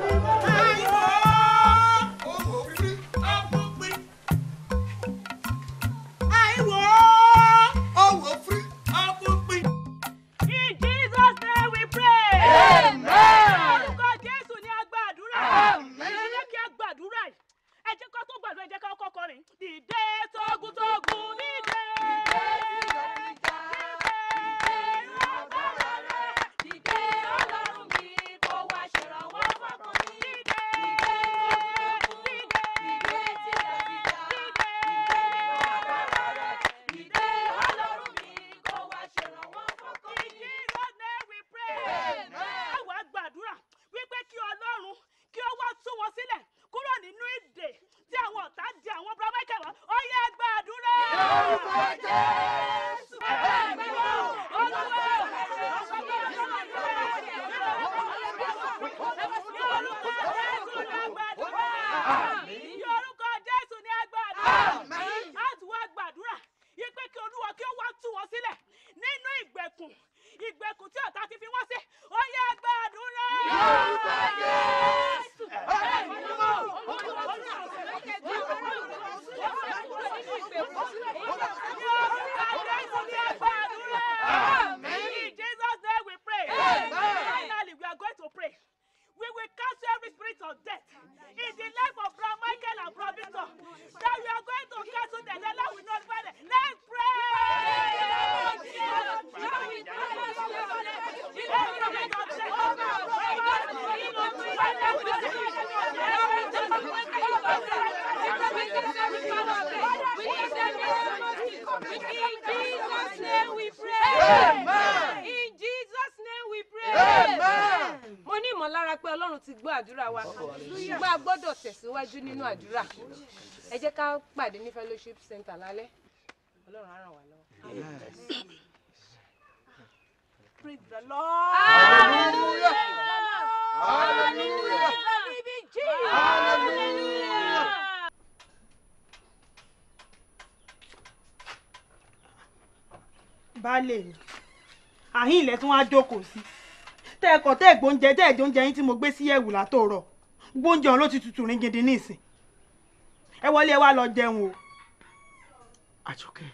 fellowship center lálẹ́ ọlọ́run á ràn wá lọ́wọ́. praise the lord. hallelujah. hallelujah. hallelujah. hallelujah. baálé mi àhín ilẹ̀ tí wọ́n á jókòó sí tẹ́ ẹ kọ̀ tẹ́ ẹ gbóúnjẹ tẹ́ ẹ jóúnjẹ yín tí mo gbé sí ẹ̀wù látòrọ̀ gbóúnjẹ ọ̀hún ló ti tutù rí nísìn ẹ wọlé ẹ wá lọ jẹun o àjọkẹ́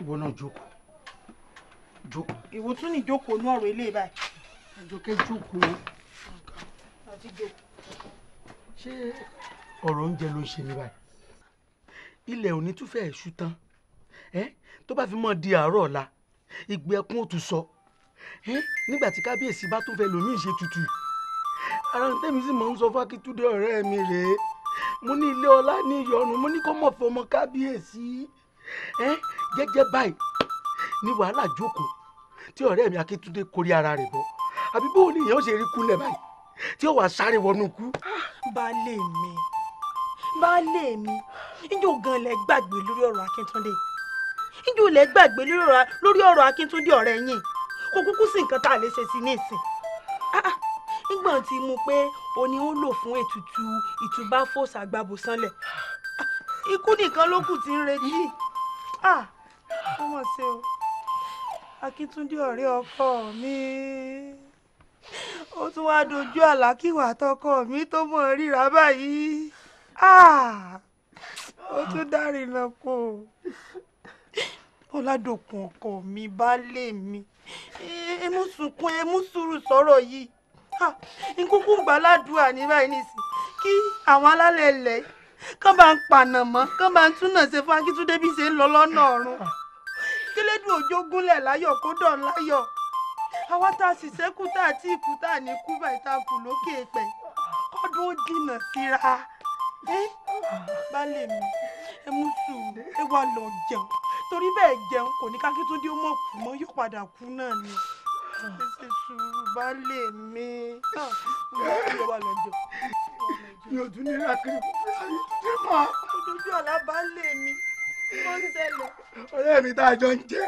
ìwọ náà jókòó jókòó. ìwọ tún ní jókòó ní ọ̀rọ̀ ilé báyìí. àjọkẹ́ jókòó. ṣé ọ̀rọ̀ oúnjẹ ló ń ṣe ní báyìí. ilẹ̀ òní tún fẹ́ ṣú tán tó bá fi mọ́ di àárọ̀ ọ̀la ìgbẹ́ ẹkún ó tún sọ nígbà tí kábíyèsí bá tún fẹ́ lòmíì ṣe tutù ara tẹ́mi sì máa ń sọ fákitúndé ọ̀rẹ́ mi rèé mo ní ilé ọlá ní ìyọrùn mo ní kó mọ̀ fọmọ kábíyèsí ẹ jẹ́jẹ́ báyìí ní wàhálà jókòó tí ọ̀rẹ́ mi akíntúndé kórí ara rẹ̀ bọ́ àbí bóun ni èèyàn ṣe rí kúnlẹ̀ báyìí tí ó wà sáré wọnú kú. Ah, baálé mi baálé mi ijó gan lẹ gbàgbé lórí ọ̀rọ̀ akíntúndé ijó lẹ gbàgbé lórí ọ̀rọ̀ akíntúndé ọ̀rẹ́ yín kò kúkú sí nǹkan tá a lè ṣe sí ní ìsìn nígbà tí mu pé òní ó lò fún ètùtù ìtúbá fòsà gbàbòsánlẹ̀ ikú nìkan ló kù tí ń retí ọmọ ṣe o akíntúndé ọ̀rẹ́ ọkọ mi ó tún wá dojú àlákìwà àtọkọ mi tó mọ̀ ríra báyìí ó tún dárìnà kó ọládòkun ọkọ mi baálé mi ẹ sunkún ẹ sùúrù sọ̀rọ̀ yìí nkúkú gbàládùá ní báyìí nìsín kí àwọn alálẹ̀ ilẹ̀ kán bá ń pànà mọ́ kán bá ń túnà ṣe fún akíntúndé bí ṣe ń lọ lọ́nà ọ̀run kílédùn òjò gúnlẹ̀ láyọ̀ kó dàn láyọ̀ àwa tá a sì ṣẹ́kù tá a tí ikú tá a ní kú báyìí tá a kù lókè pẹ̀ kọ́dún ó dìnà síra balẹ̀ mi ẹ mú sùúrù ẹ wá lọ jẹun torí bẹ́ẹ̀ jẹun kò ní kákíntúndé ó mọ̀ kú mọ́ yóò padà kú náà ni ṣe mi ah, mi ò tún ní rákìrì tí mọ. tá a jọ ń jẹ.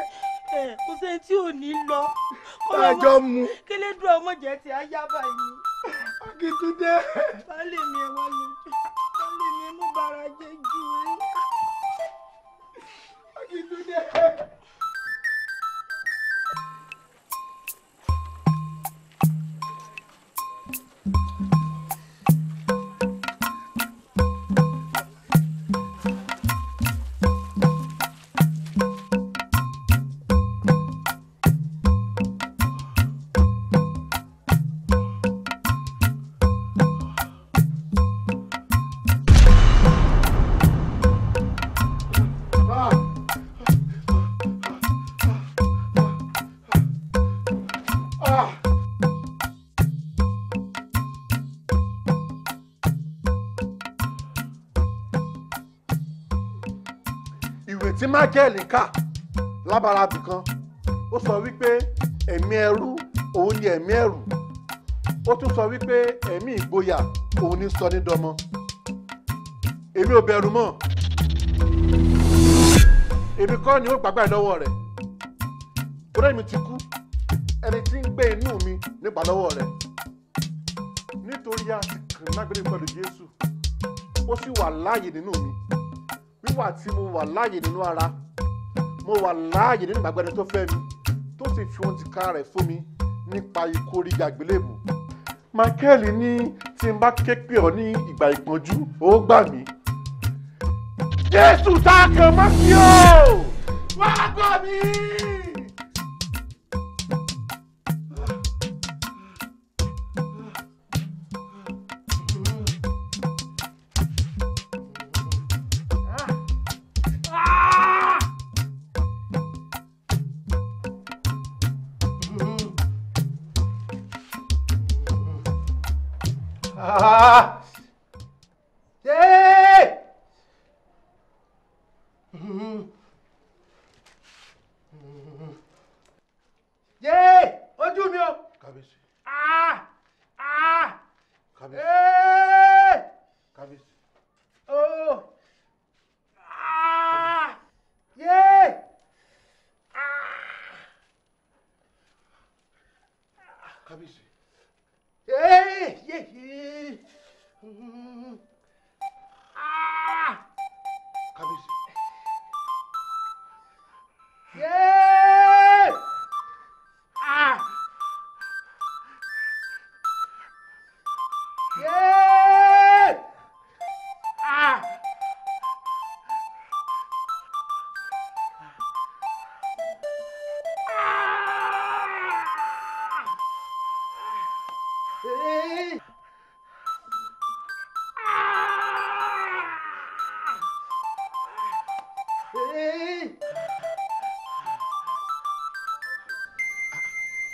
kò sẹ́ni tí ò ní lọ. tá a jọ ń mu. kélédùn ọmọ jẹ ti ayá báyìí. akíntúndé. baálé mi ẹ wá lójú baálé mi mú bara jẹ jù ú. Michael kà lábàrábì kan ó sọ wípé ẹ̀mí ẹrú òun ni ẹ̀mí ẹrù ó tún sọ wípé ẹ̀mí ìgboyà òun ni sọ ní dọmọ èmi ò bẹ̀rù mọ́ èmi kọ́ ni ó gbàgbà lọ́wọ́ rẹ̀ ọ̀rẹ́ mi ti kú ẹni tí ń gbé inú mi nípa lọ́wọ́ rẹ̀ nítorí a ti kìrìnàgbére pẹ̀lú Jésù ó sì wà láàyè nínú mi wíwà tí mo wà láàyè nínú ara mo wà láàyè nínú ìgbàgbọ́ ẹni tó fẹ́ mi tó sì fi ohun tìka rẹ̀ fún mi nípa ikú oríyá àgbélébù. michael ní tí n bá ké pè ọ́ ní ìgbà ìpọ́njú ó gbà mí. jésù tá a kàn mọ́ sí o wá gbọ́ mi.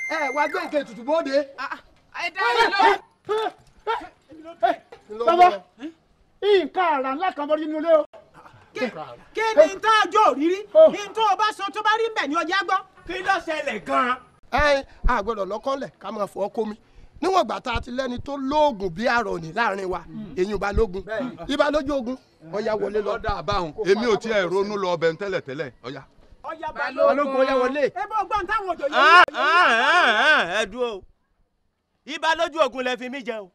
ẹ wá gbé nǹkan bóde. Ah, ah, ẹ dá mi lọ. bàbá nǹkan àrà ńlá kan nínú ilé o. kí ni n tá a òrírí kí oh! n tó bá sọ tó bá rí mbẹ ní ọjà gbọ́ kí ló ṣẹlẹ̀ gan-an. ẹ àgbẹ̀dọ̀ lọ́kọ́lẹ̀ ká máa mi. níwọ̀n ìgbà tá a ti lẹ́ni tó lóògùn bí àrò ní láàrin wa èyí ba bá lógun ibà lójú ogun ọ̀ya wọlé lọ. ọ̀dà àbáhùn èmi ò tiẹ̀ ronú lọ ọbẹ̀ tẹ́lẹ̀ tẹ́lẹ̀ ọ̀ya. ọ̀ya balógun ọ̀ya wọlé. ẹ bọ́ gbọ́n táwọn òjò yẹn. Ah, ah, ah, ẹ dúró ibà lójú ogun lẹ fi mí jẹ o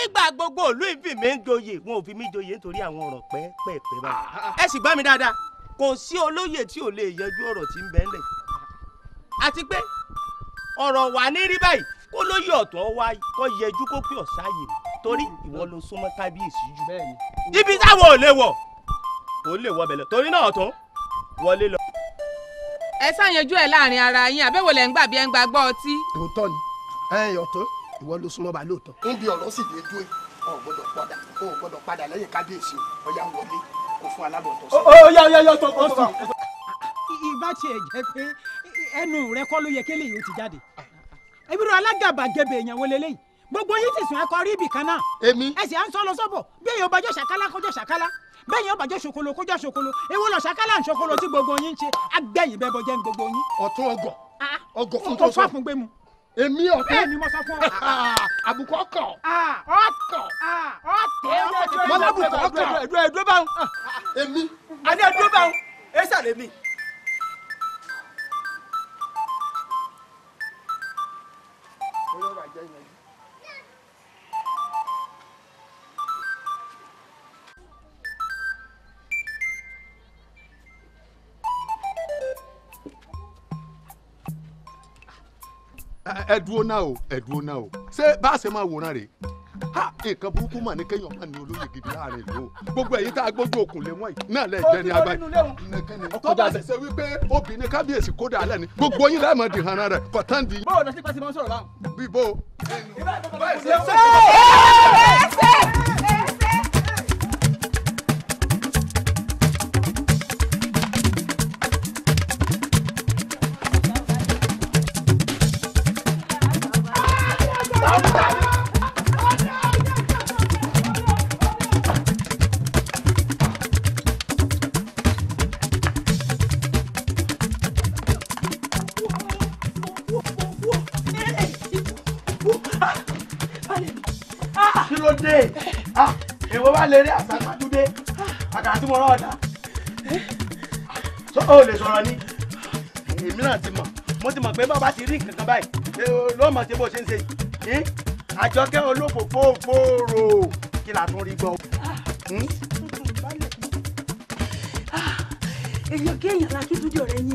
ìgbà gbogbo ìlú ìfì mi ń joyè wọn ò fi mí joyè nítorí àwọn ọ̀rọ̀ pẹ́ẹ́pẹ́ẹ́pẹ́ báyìí ẹ sì gbá mi dáadáa kò sí olóyè tí ò lè yẹjú ọ̀rọ̀ tí ń bẹ́ẹ̀ lẹ̀ àti pé ọ̀rọ̀ wà ní rí báyìí kó lóye ọ̀tọ̀ wa kọ́ yẹjú kó pé ọ̀sáyè torí ìwọ ló súnmọ́ kábíyèsí jù. ibi táwọn ò lè wọ̀ kò lè wọ bẹ̀lẹ̀ torí náà ọ̀tún wọlé lọ. ẹ ṣàyànjú ẹ láàrin ara yín àbẹ̀wò lẹ̀ ń gbà bí ẹ ń gba gbọ́ ọtí. òótọ́ ni ẹ̀yìn ọ̀tún ìwọ ló súnmọ́ bá lóòótọ́. ń bí ọ̀rọ̀ sì dé dúró ọ̀ gbọ́dọ̀ padà ọ̀ gbọ́dọ̀ padà lẹ́yìn kábíyèsí ọ̀yà wọlé kò fún alábọ̀tọ̀ sí. ó yá yá yá tó kó sùn. Ah, ah, ìbá tiẹ̀ jẹ́ pé ẹnu rẹ kọ́ ló yẹ kéle yìí ó ti jáde. Ah, ebiro alágàbàgebè èèyàn wo leléyìí gbogbo yín sì sùn ẹ kọ rí ibì kan náà. èmi. ẹ sì à ń sọ lọ sọ́bọ̀ bí èèyàn bàjọ́ ṣàkálá kọjọ́ ṣàkálá bẹ́ẹ̀ yẹn bàjọ́ ṣokolo kọjọ́ ṣokolo èwo lọ ṣàkálá ń ṣokolo tí gbogbo yín ń ṣe agbẹ́yìn bẹ́ẹ̀ bọ́jẹ́ ń gbogbo yín. ọ̀tún ọgọ̀ ọgọ̀ fún tó sọ. ọkọ̀ fún gbẹ́mu. èmi ọ̀tún. bẹ́ẹ̀ ni mo sọ fún ọ. àbùkù ọkọ̀. ọkọ̀ ọkọ̀ ọkọ̀ ọkọ̀ ẹ dúró náà o ẹ dúró náà o ṣé bá a ṣe máa wòran rè ha nǹkan burúkú mà ní kéèyàn má ní olóyè gidi láàrin ìlú o gbogbo èyí tá a gbójú òkun lé wọ́n yìí náà lè jẹ́ ní agbáyé tọ́ba ṣẹṣẹ wípé obìnrin kábíyèsí kódà alẹ́ ni gbogbo yín láàmú di hànà rẹ̀ kọ̀tán di. bó o lọ sí pàṣẹ eléré àsápajúdé àkàrà tí mo rán ọ̀dà ó lè sọ̀rọ̀ ni èmi náà ti mọ̀ mo ti mọ̀ pé bàbá ti rí nǹkan kan báyìí lọ́mọ tí bó ṣe ń ṣe yìí àjọkẹ́ olófòfòfòrò kí la tún rí gbọ́. Hmm? èèyàn kéèyàn la kí túnjọ rẹ yín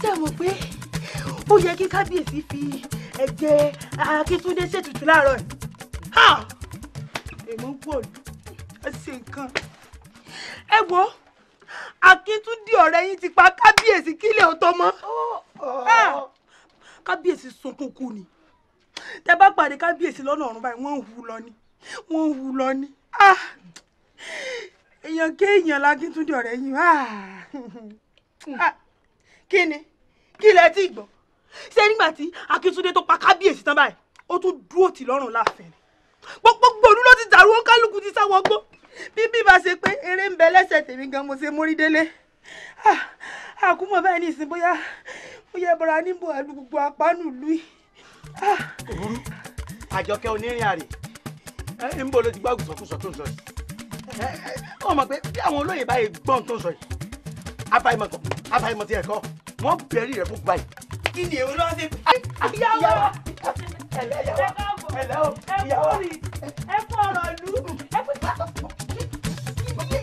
ṣé ẹ mọ̀ pé ó yẹ kí kábíyèsí fi ẹ̀jẹ̀ akíntúndé ṣètùtù láàárọ̀ yìí mọ́ wọ̀lú ẹ ṣe nǹkan. ẹ wo akíntúndì ọ̀rẹ́ yín ti pa kábíyèsí kílẹ̀ ọ̀tọ̀ mọ́ kábíyèsí sunkún kú ni tẹ bá pàdé kábíyèsí lọ́nà ọ̀run báyìí wọ́n ń hu lọ ni wọ́n ń hu lọ ni ah! èèyàn kéèyàn lákíntúndì ọ̀rẹ́ yín ah! Ah! kí ni kí lẹ ti gbọ́ ṣé nígbà tí akíntúndé tó pa kábíyèsí tán báyìí ó tún dúró tì lọ́rùn láàfin ni gbogbo olú ló ti dàrú ó kálukú ti sáwọ gbó bí bí bá ṣe pé eré ń bẹ lẹ́sẹ̀ tèmi gan mo ṣe mórí délé àkúmọ̀ báyìí ní ìsìn bóyá bóyá bọ́ra níbo àdúgbò apánú lù í. àjọkẹ́ onírìn àrè ẹ ń bọ̀ ló ti gbọ́ àgùsọ̀kùsọ̀ tó ń sọ yìí ọ mọ̀ pé bí àwọn olóyè báyìí gbọ́n tó ń sọ yìí àfàìmọ̀ kọ̀ àfàìmọ̀ ti ẹ̀kọ́ wọ́n bẹ̀rẹ̀ rẹ̀ fún gbà yìí. kí ni èrò lọ́sẹ̀. ayáwó ẹ̀lẹ́yàwó ẹ kú rí ẹ kú ọ̀rọ̀ lù ẹ kú ìgbà tó fún ìyàwó.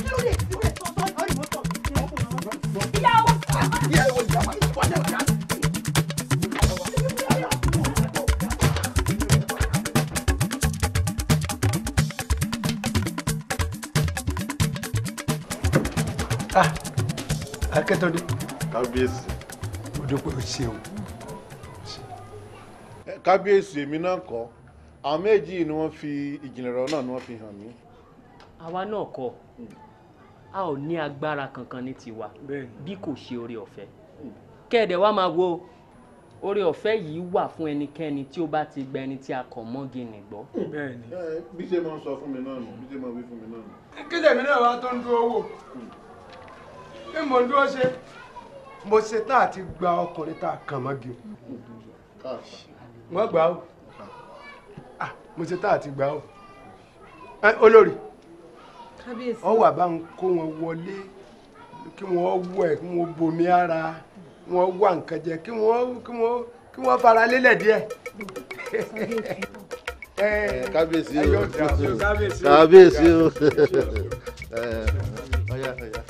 ìyàwó ìyàwó ìyàwó ìyàwó. ah akẹ́tọ̀dé. kábíyèsí. o dúpẹ́ o ṣeun kábíyèsí èmi náà kọ́ àwọn méjì ni wọ́n fi ìjìnlẹ̀ ọ̀rọ̀ náà ni wọ́n fi hàn mí. àwa náà kọ́ a ò ní agbára kankan ní tiwa bí kò ṣe oore ọ̀fẹ́ kẹ́ẹ̀dẹ̀ wá máa wo oore ọ̀fẹ́ yìí wà fún ẹnikẹ́ni tí ó bá ti gba ẹni tí a kọ̀ mọ́gi nìgbọ́. bẹ́ẹ̀ni bí ṣe máa sọ fún mi náà nù bí ṣe máa wí fún mi náà nù. kí tèmi náà wá tó ń dúró wò bí mo ń dúró ṣe mo ṣe tá àti gba ọkùnrin tá a kàn mọ́gi wọ́n gbà ó ah, mo ṣe tá àti gbà ó olórí ọ wà bá ń kó wọn wọlé kí wọ́n wọ ẹ̀ kí wọ́n bomi ara wọ́n wà nǹkan jẹ kí wọ́n kí wọ́n kí wọ́n fara lélẹ̀ díẹ̀. kábíyèsí o kábíyèsí o ọ̀yá ọ̀yá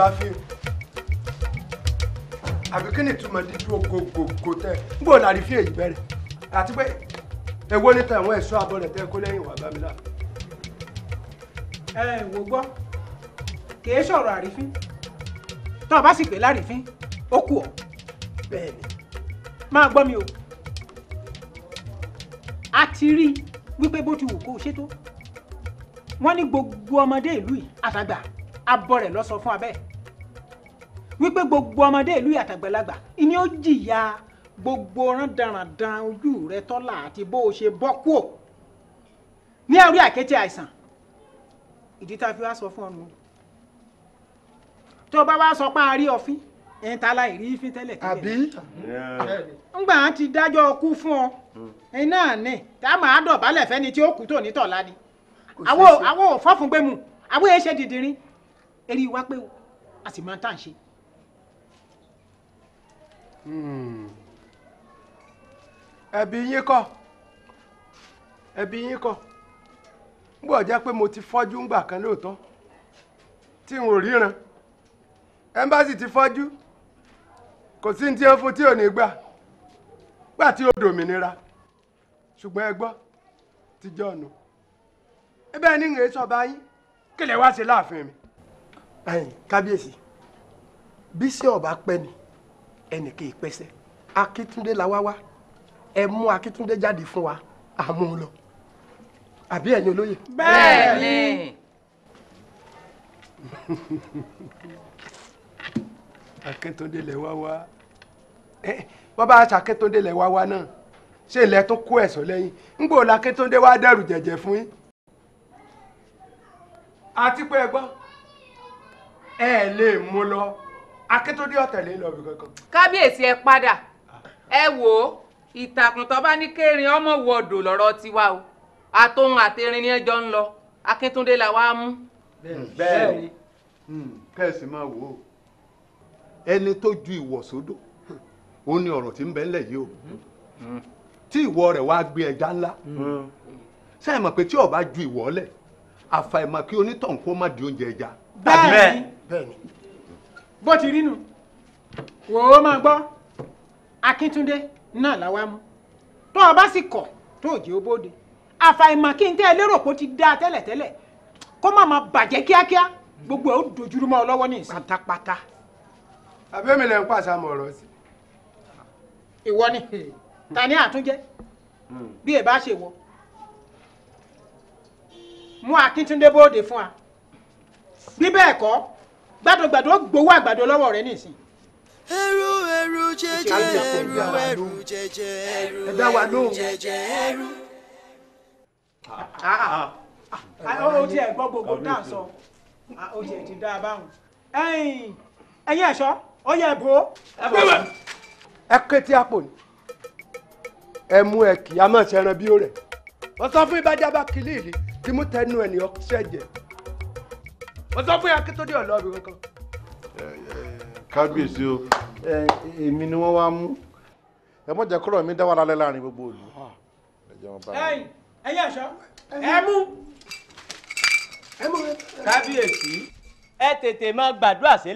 bá fi hàn àbí kí ni ìtumọ̀ dídúró gògògò tẹ n bò lárí fi èyí bẹ̀rẹ̀ àti pé èwo ni tàwọn ẹ̀ṣọ́ abọ́ rẹ̀ tẹ́ kó lẹ́yìn wà bámi láà. ẹ ẹ wò gbọ́ kì í sọ̀rọ̀ àrífín tó o bá sì pè lárífín ó kù ọ́ bẹ́ẹ̀ ni máa gbọ́ mi o a ti rí i wípé bó ti wù kó o ṣe tó wọ́n ní gbogbo ọmọdé ìlú yìí àtàgbà abọ́ rẹ̀ lọ́sọ fún abẹ́ẹ̀ wípé gbogbo ọmọdé ìlú àtàgbàlagbà ni ó jìyà gbogbo rándanrandan ojú rẹ tọ́lá àti bó o ṣe bọ́ kúò ní àrí àkété àìsàn ìdí tá a fi wá sọ fún ọ nù o bá wá sọ pé a rí ọfín ẹ̀ ń ta láì rí ìfín tẹ́lẹ̀ tẹ́lẹ̀ àbí ńgbà á ti dájọ́ ọkú fún ọ ẹ náà ní tá a máa dọ̀bálẹ̀ fẹ́ni tí ó kú tó ní tọ̀lá ni àwọn ò fọ́fun gbé mu àwọn èèyàn ṣe dìdìrín eré wa pé a sì máa tà ń ṣe Hmm. ẹ̀bi yín kọ́ yín kọ́ gbọ́dọ̀ jẹ́ pé mo ti fọ́jú ńgbà kan lóòótọ́ tí n ò ríran ẹ̀ńbásì ti fọ́jú kò sí ti tí fún tí ò ní gbà gbà tí ó dòmìnira ṣùgbọ́n ẹ gbọ́ ti jọ̀nù ẹbẹ́ ní ìrìn sọ̀bá yín kí lè wá ṣe mi. kábíyèsí ẹnìkan ìpẹsẹ̀ akíntúndé la wá wá ẹ mú akíntúndé jáde fún wa àmú lọ àbí ẹ̀yin olóyè. bẹ́ẹ̀ni. akíntúndé lẹ wá wá bàbá akíntúndé lẹ wá wá náà ṣé ilẹ̀ tún kó ẹ̀sọ́ lẹ́yìn ńgbò la akíntúndé wá dẹ̀rù jẹ̀jẹ̀ fún yín àti pé ẹ gbọ́ ẹ lè mú lọ akíntódé ọ̀tẹ̀lé lọ bí kankan. kábíyèsí ẹ padà ẹ wò ó ìtàkùn tó bá ní kérin ọmọ wọ odò lọ́rọ̀ tiwa o àtòhun àtẹrin ni ẹ jọ ń lọ akíntódé la wá mú. bẹ́ẹ̀ni hmm. kẹsì máa wò ó ẹni tó ju ìwọ sódò ó ní ọ̀rọ̀ tí ń bẹ ńlẹ̀ yìí o hmm. tí ìwọ rẹ̀ wá gbé ẹja ńlá hmm. ṣé ẹ mọ̀ pé tí ọba ju ìwọ lẹ̀ àfàìmọ̀ kí onítọ̀hún kó má di oúnjẹ ẹja. bẹ́ẹ̀ni bẹ́ẹ̀ni bó ti rí nù wò ó máa gbọ́ akíntúndé náà làwa mú tó o bá sì kọ̀ tó o jẹ́ ó bóde àfàìmọ̀ kí n tẹ́ ẹ lérò pé ó ti dáa tẹ́lẹ̀tẹ́lẹ̀ kó má máa bàjẹ́ kíákíá gbogbo ẹ̀ ó dojúrú mọ́ ọ lọ́wọ́ ní ìsìn. pátápátá. àbẹ́mi ń pàṣẹ ọ̀rọ̀ sí. ìwọ ni ta ni àtúnjẹ bí ẹ bá ṣe wọ mú akíntúndé bóde fún wa bí bẹ́ẹ̀ kọ́ gbàdọ̀gbàdọ̀ gbowó àgbàdo lọ́wọ́ rẹ nísìn. ẹrú ẹrú jẹjẹ ẹrú ẹrú jẹjẹ ẹrú ẹrú jẹjẹ ẹrú. Ah, ah, ah. ó ti ẹ̀ gbọ́ gbogbo náà sọ ó ti ẹ̀ ti dá a báwọn. ẹ̀yin ẹ̀ṣọ́ ó yẹ bó. ẹ kété àpò ni ẹ mú ẹ kì í a máa ṣẹran bí ó rẹ wọ́n sọ fún ìbájá bá tí mú tẹnu ẹ̀ ní ọ̀ṣẹ́jẹ̀ ọ̀dọ́gbọ́n akíntóde ọ̀lọ́ọ̀bì kankan. kábíyèsí o èmi ni wọ́n wá mú ẹ mọ̀jẹ̀ kúrò mi dá wà lálẹ́ láàrin gbogbo òlu. ẹ̀yin ẹ̀ṣọ́ ẹ mú kábíyèsí ẹ tètè máa gbàdúrà sí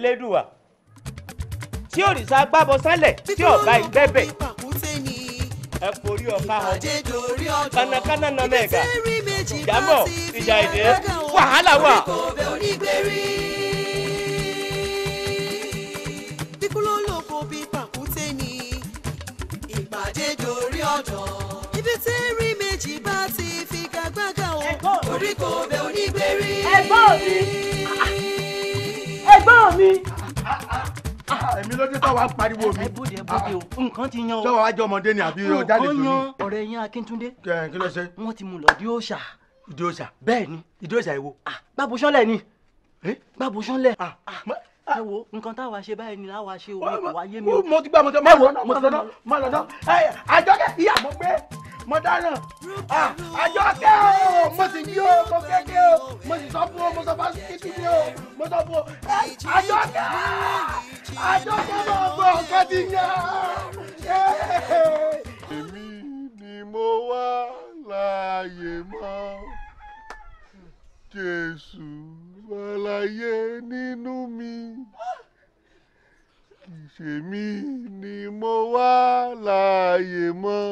tí òrìṣà gbábọ sálẹ̀ tí ọ̀gá ìgbẹ́bẹ̀ ẹ forí ọ̀ka hàn kànàkànà nàmẹ́ẹ̀gà ìjàmbọ̀ ìjà èdè wàhálà wà. ẹ̀gbọ́n mi ẹ̀gbọ́n mi. Ah, ah, ah èmi ló dé tọ́wọ́ pariwo mi. ẹ bóde bóde o ah, ah. nǹkan ti yan o. tọ́wọ́ ajọ́ ọmọdé ni àbí ọjà lè tó ní. ó yan ọ̀rẹ́ yẹn Akíntúndé. kẹ kí ló ṣe. wọ́n ti mú lọ di òòṣà. ìdí òòṣà. bẹ́ẹ̀ ni ìdí òòṣà ìwo. gbàbó ah, sánlẹ̀ ni gbàbó sánlẹ̀ ẹ wo nǹkan táwa ṣe báyìí ni láwa ṣe òwe kò wáyé mi. mo ti gbà mo ti máa lọ náà mo ti lọ náà. àjọkẹ́ ìyá mo mo dáràn àjọkẹ́ o mo sì bí o mo kéke o mo sì sọ fún o mo sọ fún títí ní o mo sọ fún o àjọkẹ́ àjọkẹ́ mo gbọ́ ọ̀kan ti yá. èmi ni mo wá láàyè mọ́ Jésù wàláyé nínú mi kìí ni mo wá láàyè mọ́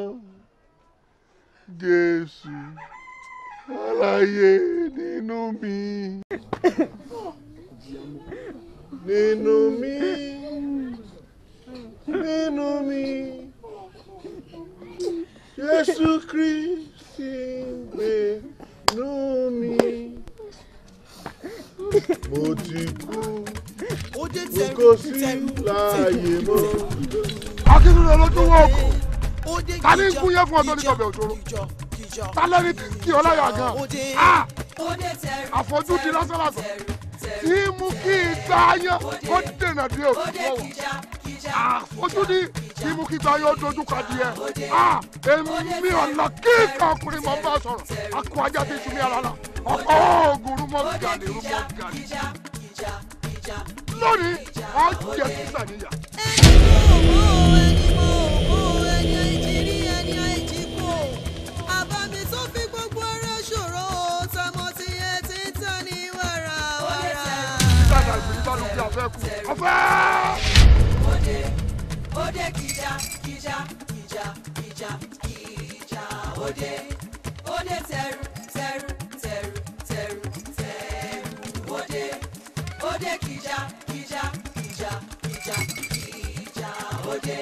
jésù aláyé nínú mi nínú mi nínú mi jésù kristi gbé nú mi mo ti kú mo kò sí láàyè mọ́. akíndúró ló tún wọ́ọ̀kù ta ni nkun yẹ fún ọdún nígbàgbẹ́ òjòrò ta lẹni tí kì ọ láyà gan a ah! àfojúdi lásán lásán tí mú kí igba yẹn ó dènà dé òkú ah! àfojúdi tí mú kí igba yẹn ó dojú ka di yẹ a èmi ọ̀nà kíkà ọkùnrin mọ̀ bá sọ̀rọ̀ akọ ajá ti sunmi ara la ọkọ̀ oògùn rúmọ̀ gàdí rúmọ̀ gàdí lónìí ọ̀jẹ̀ sísà níyà. ẹni mú òwò ẹni mú òwò. ọ̀fẹ́ kú ọ̀fẹ́. òde òde kìjà kìjà kìjà kìjà kìjà òde òde tẹ̀rù tẹ̀rù tẹ̀rù tẹ̀rù tẹ̀rù òde òde kìjà kìjà kìjà kìjà kìjà òde.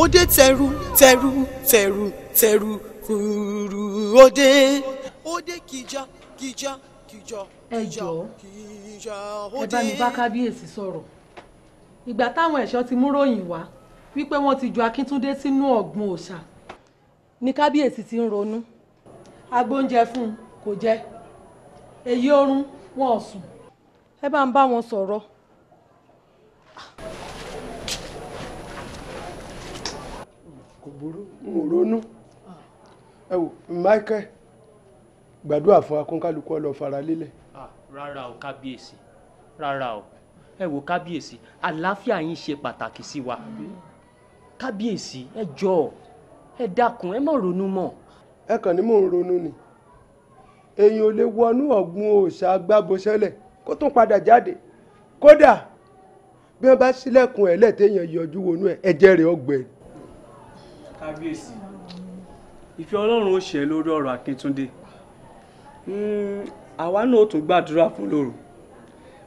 òde tẹ̀rù tẹ̀rù tẹ̀rù tẹ̀rù kúrú òde òde kìjà kìjà kìjà kìjà kìjà ó dé. ẹ bá mi bá kábíyèsí sọ̀rọ̀ ìgbà táwọn ẹ̀ṣọ́ ti mú ròyìn wá wípé wọ́n ti ju Akíntúndé sínú ọ̀gbun òòṣà ni kábíyèsí ti ń ronú agbóúnjẹ fún un kò jẹ èyí oorun wọn ò sùn ẹ bá ń bá wọn sọ̀rọ̀. kò burú n ronú ẹ wò Michael gbàdúrà fún akọ́ńkálukú ọlọ́ fara lélẹ̀. Ah, rárá o kábíyèsí rárá o ẹ wo kábíyèsí àlàáfíà yín ṣe pàtàkì sí wa kábíyèsí ẹ jọ̀ọ́ ẹ dákun ẹ má ronú mọ́. ẹ kàn ní mò ń ronú ni èèyàn ò lè wọnú ọ̀gbun òòṣà agbábọ́sẹ́lẹ̀ kó tún padà jáde kódà bí wọ́n bá ṣílẹ̀kùn ẹ̀ lẹ́tẹ̀yàn yọjú wọnú ẹ̀ ẹ̀jẹ̀ rẹ̀ ọgbẹ́. kábíyèsí ìfẹ́ ọlọ́run ó ṣẹ lórí ọ̀rọ̀ akíntúndé Hmm, àwa náà tún gbàdúrà fún lóru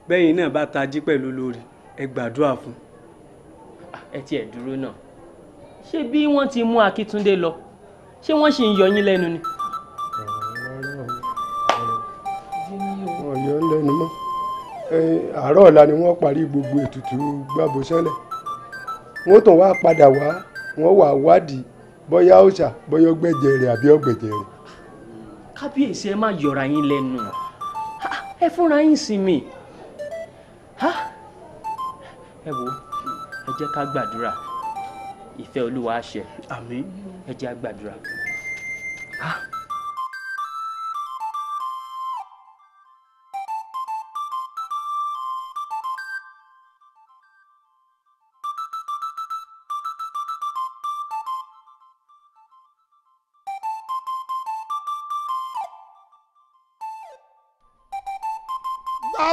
bẹ́yìn náà bá tají pẹ̀lú lórí ẹ gbàdúrà fún. ẹ tiẹ̀ dúró náà ṣé bí wọ́n ti mú Akíntúndé lọ ṣé wọ́n sì ń yọ yín lẹ́nu ni. wọ́n yọ ń lẹ́nu mọ́ àárọ̀ ọ̀la ni wọ́n parí gbogbo ètùtù gbàbó sẹ́lẹ̀ wọ́n tàn wá padà wá wọ́n wà wádìí bóyá òòṣà bóyá ọgbẹ́jẹ̀ rẹ̀ àbí ọgbẹ̀jẹ̀ rẹ̀ kábíyèsí ẹ má yọra yín lẹ́nu ẹ fúnra yín sinmi ẹ wo ẹ jẹ́ ká gbàdúrà ìfẹ́ olúwa ṣẹ àmín ẹ jẹ́ gbàdúrà. Ah.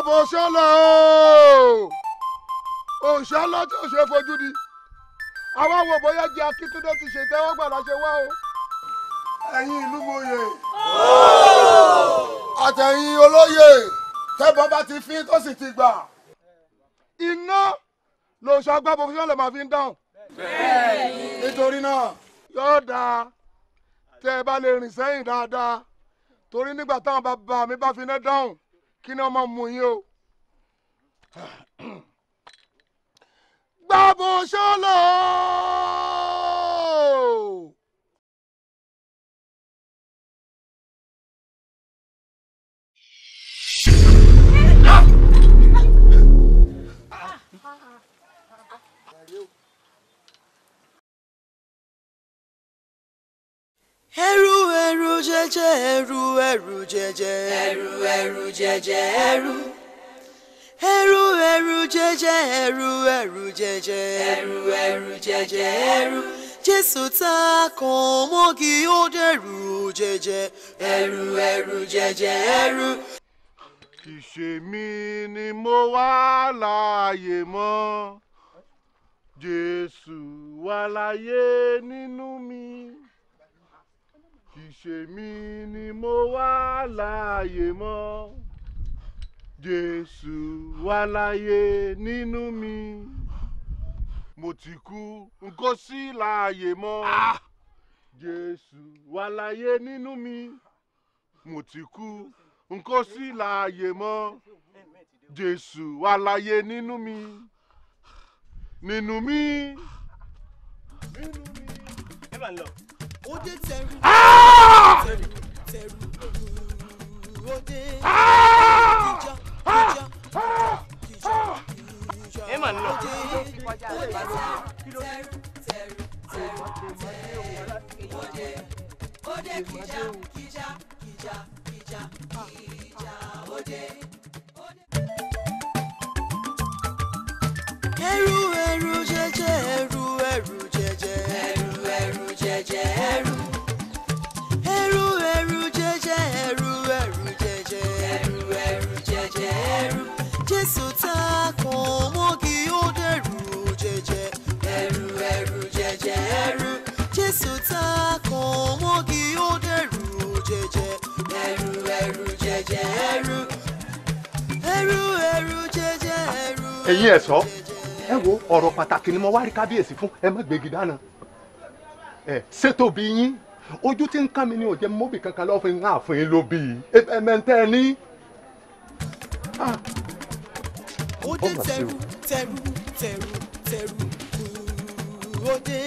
àbò ṣọlọ òṣọlọ tí ò ṣe fojú di àwa wò bóyá jẹ Akíntúndé ti ṣe tẹ́wọ́ gbàdá ṣe wá o ẹ̀yin ìlú mòye àtẹ̀yìn olóyè tẹ́bọ̀ bá ti fi tó sì ti gbà iná lòṣọ agbábọ̀ fún ṣọlọ máa fi ń dáhùn nítorí náà yóò dáa tẹ́ ẹ bá lè rìn sẹ́yìn dáadáa torí nígbà táwọn bàbá mi bá fi iná dáhùn kí ni ọmọ mu yín o. gbàbọ̀ ṣọlọ́ọ̀. ẹrù ẹrù jẹjẹ ẹrù ẹrù jẹjẹ ẹrù ẹrù jẹjẹ ẹrù ẹrù ẹrù jẹjẹ ẹrù ẹrù jẹjẹ ẹrù ẹrù jẹjẹ ẹrù jésù tá a kàn mọ́gi ó dẹ̀rù jẹjẹ ẹrù ẹrù jẹjẹ ẹrù. kì í ni mo wá láàyè mọ́ jésù wà láyé nínú mi ìṣèmí ni mo wà láàyè mọ́ Jésù wà láàyè nínú mi mo ti kú n kò sí láàyè mọ́ ah! Jésù wà láàyè nínú mi mo ti kú n sí láàyè mọ́ Jésù wà láàyè nínú mi nínú mi nínú mi. ẹ bá ń lọ ẹ mà nà. Ode kija kija kija kija kija ode ode. Ẹrù ẹrù jẹjẹ ẹrù ẹrù jẹjẹ ẹrù. ẹrù ẹrù jẹjẹ ẹrù ẹrù jẹjẹ. ẹrù ẹrù jẹjẹ ẹrù. jésù tá a kàn mọ́ kí ó dẹ̀rù jẹjẹ. ẹrù ẹrù jẹjẹ ẹrù. jésù tá a kàn mọ́ kí ó dẹ̀rù jẹjẹ. ẹrù ẹrù jẹjẹ ẹrù. ẹrù ẹrù jẹjẹ ẹrù. ẹ̀yin ẹ̀ṣọ́ ẹ wo ọ̀rọ̀ pàtàkì ni mo wá rí kábíyèsí fún ẹ má gbégi dáná ṣètò bí yín ojú tí ń kàn mí ni ò jẹ́ mọ́bì kankan lọ́ọ́ fi ń hàn fún yín ló bí ẹ̀mẹ̀ntẹ́ ní. ó ah. dé tẹrù tẹrù tẹrù tẹrù ó dé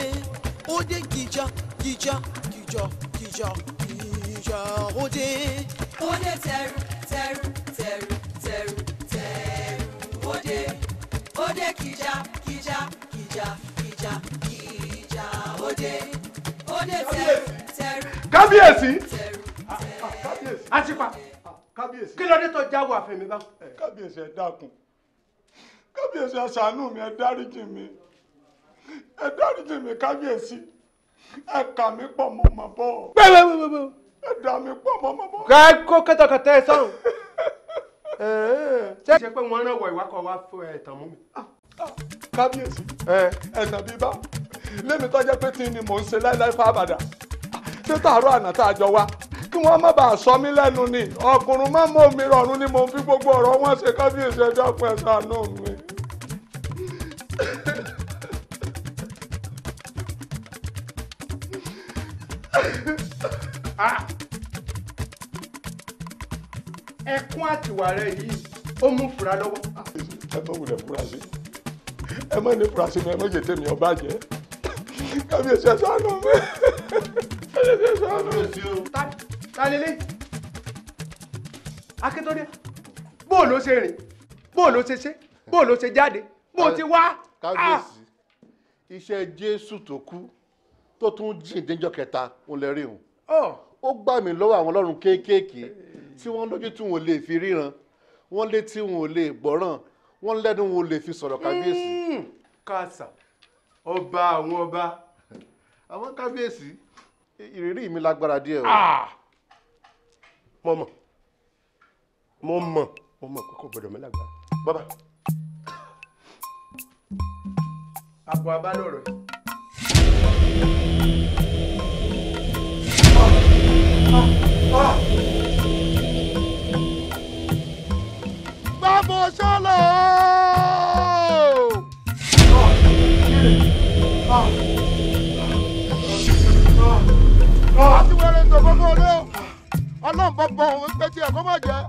ó dé gíjà gíjà gíjà gíjà gíjà ó dé. ó tẹrù tẹrù tẹrù tẹrù tẹrù ó dé ó dé gíjà gíjà gíjà gíjà kábíyèsí àtìpà kábíyèsí kí ló dé tó jáwọ́ àfẹ́ mi báwọn. kábíyèsí ẹ dákun kábíyèsí ẹ ṣàánú mi ẹ dáríjì mi ẹ dáríjì mi kábíyèsí ẹ kà mí pọ̀ mọ́ mọ́ bọ́. bẹ́ẹ̀ bẹ́ẹ̀ bẹ́ẹ̀ ẹ dà mí pọ̀ mọ́ mọ́ bọ́. ká kó kẹtọkẹtẹ ẹ sọrùn. ṣé pé wọ́n rán wọ ìwákọ̀ wá fún ẹ̀ tàn mú mi. Ah, ah, kábíyèsí ẹ̀ ẹ̀ tàbí bá lẹ́mi tó jẹ́ pé tí ni mò ń ṣe láíláí fábàdà ṣé tààrọ̀ àná tá a jọ wá kí wọ́n má bàa sọ mí lẹ́nu ni ọkùnrin má mọ omi rọrùn ni mò ń fi gbogbo ọ̀rọ̀ wọn ṣe kábíyèsí ẹjọ́ pẹ̀ sànú mi. Ah! ẹkún àtìwà rẹ yìí ó mú fura lọ́wọ́. Ah! ẹ má wulẹ̀ fura sí ẹ má ní fura sí mi ẹ má jẹ tèmi ọba jẹ kábíyèsí ẹ ṣàánú mi kábíyèsí ẹ ṣàánú mi. ta lele akíntóde bóò ló ṣe rìn bóò ló ṣe ṣe bóò ló ṣe jáde bóò ti wá. kábíyèsí iṣẹ́ jésù tó kú tó tún jìn déjọ́ kẹta òun lè rí òun ó gbà mí lọ́wọ́ àwọn ọlọ́run kéékèèké tí wọ́n lójú tí wọn ò lè fi ríran wọ́n létí wọn ò lè gbọ́ràn wọ́n lẹ́nu wọn ò lè fi sọ̀rọ̀ kábíyèsí. kàṣà ọba àwọn ọba àwọn kábíyèsí ìrírí mi lágbára díẹ̀ o ah! mo mọ̀ mo mọ̀ mo mọ̀ kókó gbọ́dọ̀ mi lágbára bàbá. àpò abálòrò ẹ̀. Vamos solo! ògógó rẹ o ọlọ́run bọ́ bọ́ òun pé tí ẹ̀kọ́ mọ̀ jẹ́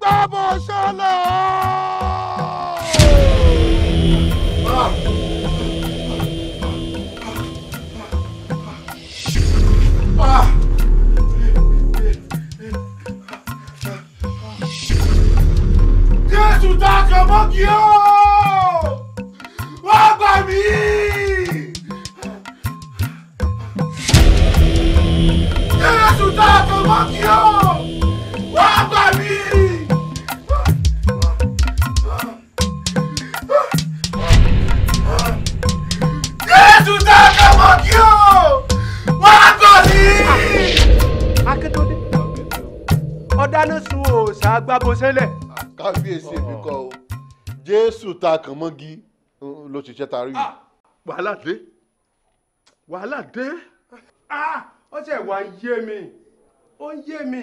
gbàbọ̀ sọ́lẹ̀ o. Ah! Jésù tá a kàn mọ́ kí ó. tá a kàn mọ́ kí a kàn mọ́ kí ó wá gbà mí. Akíntúndé ọ̀dáná sun òòṣà agbábọ́sẹ́lẹ̀. Kábíyèsí èmi kọ́ o, Jésù tá a kàn mọ́gi ló ṣiṣẹ́ ta rí. Wàhálà dé, wàhálà dé, ah, ó ṣe yé mi ó ń yé mi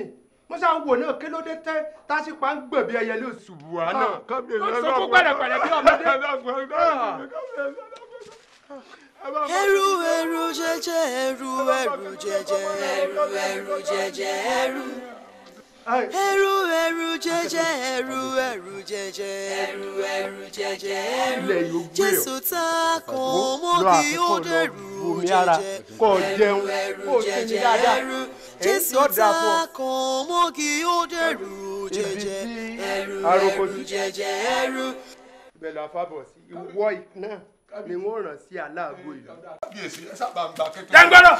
mo ṣáà ń náà kí ló dé tẹ́ tásìpá ń gbẹ̀bí ẹyẹlé oṣù buhari náà ah, ló sọ fún pẹ̀lẹ́pẹ̀lẹ́ bí ọmọdé. ẹrù ẹrù jẹjẹ ẹrù ẹrù jẹjẹ ẹrù ẹrù jẹjẹ ẹrù ẹrù ẹrù jẹjẹ ẹrù ẹrù jẹjẹ ẹrù ẹrù jẹjẹ ẹrù jésù tá a kàn mọ́ kí ó dẹrù jẹjẹ ẹrù ẹrù jẹjẹ ẹrù jésù tá a kàn mọ́ kí ó dẹrù jẹjẹ ẹrù ẹrù jẹjẹ ẹrù. bẹ́ẹ̀ la fábọ̀ sí ìwọ náà ni wọ́n rán sí aláàbò ìlú. kábíyèsí ẹ sábà ń gba kékeré. jẹ́ ń gbọ́dọ̀.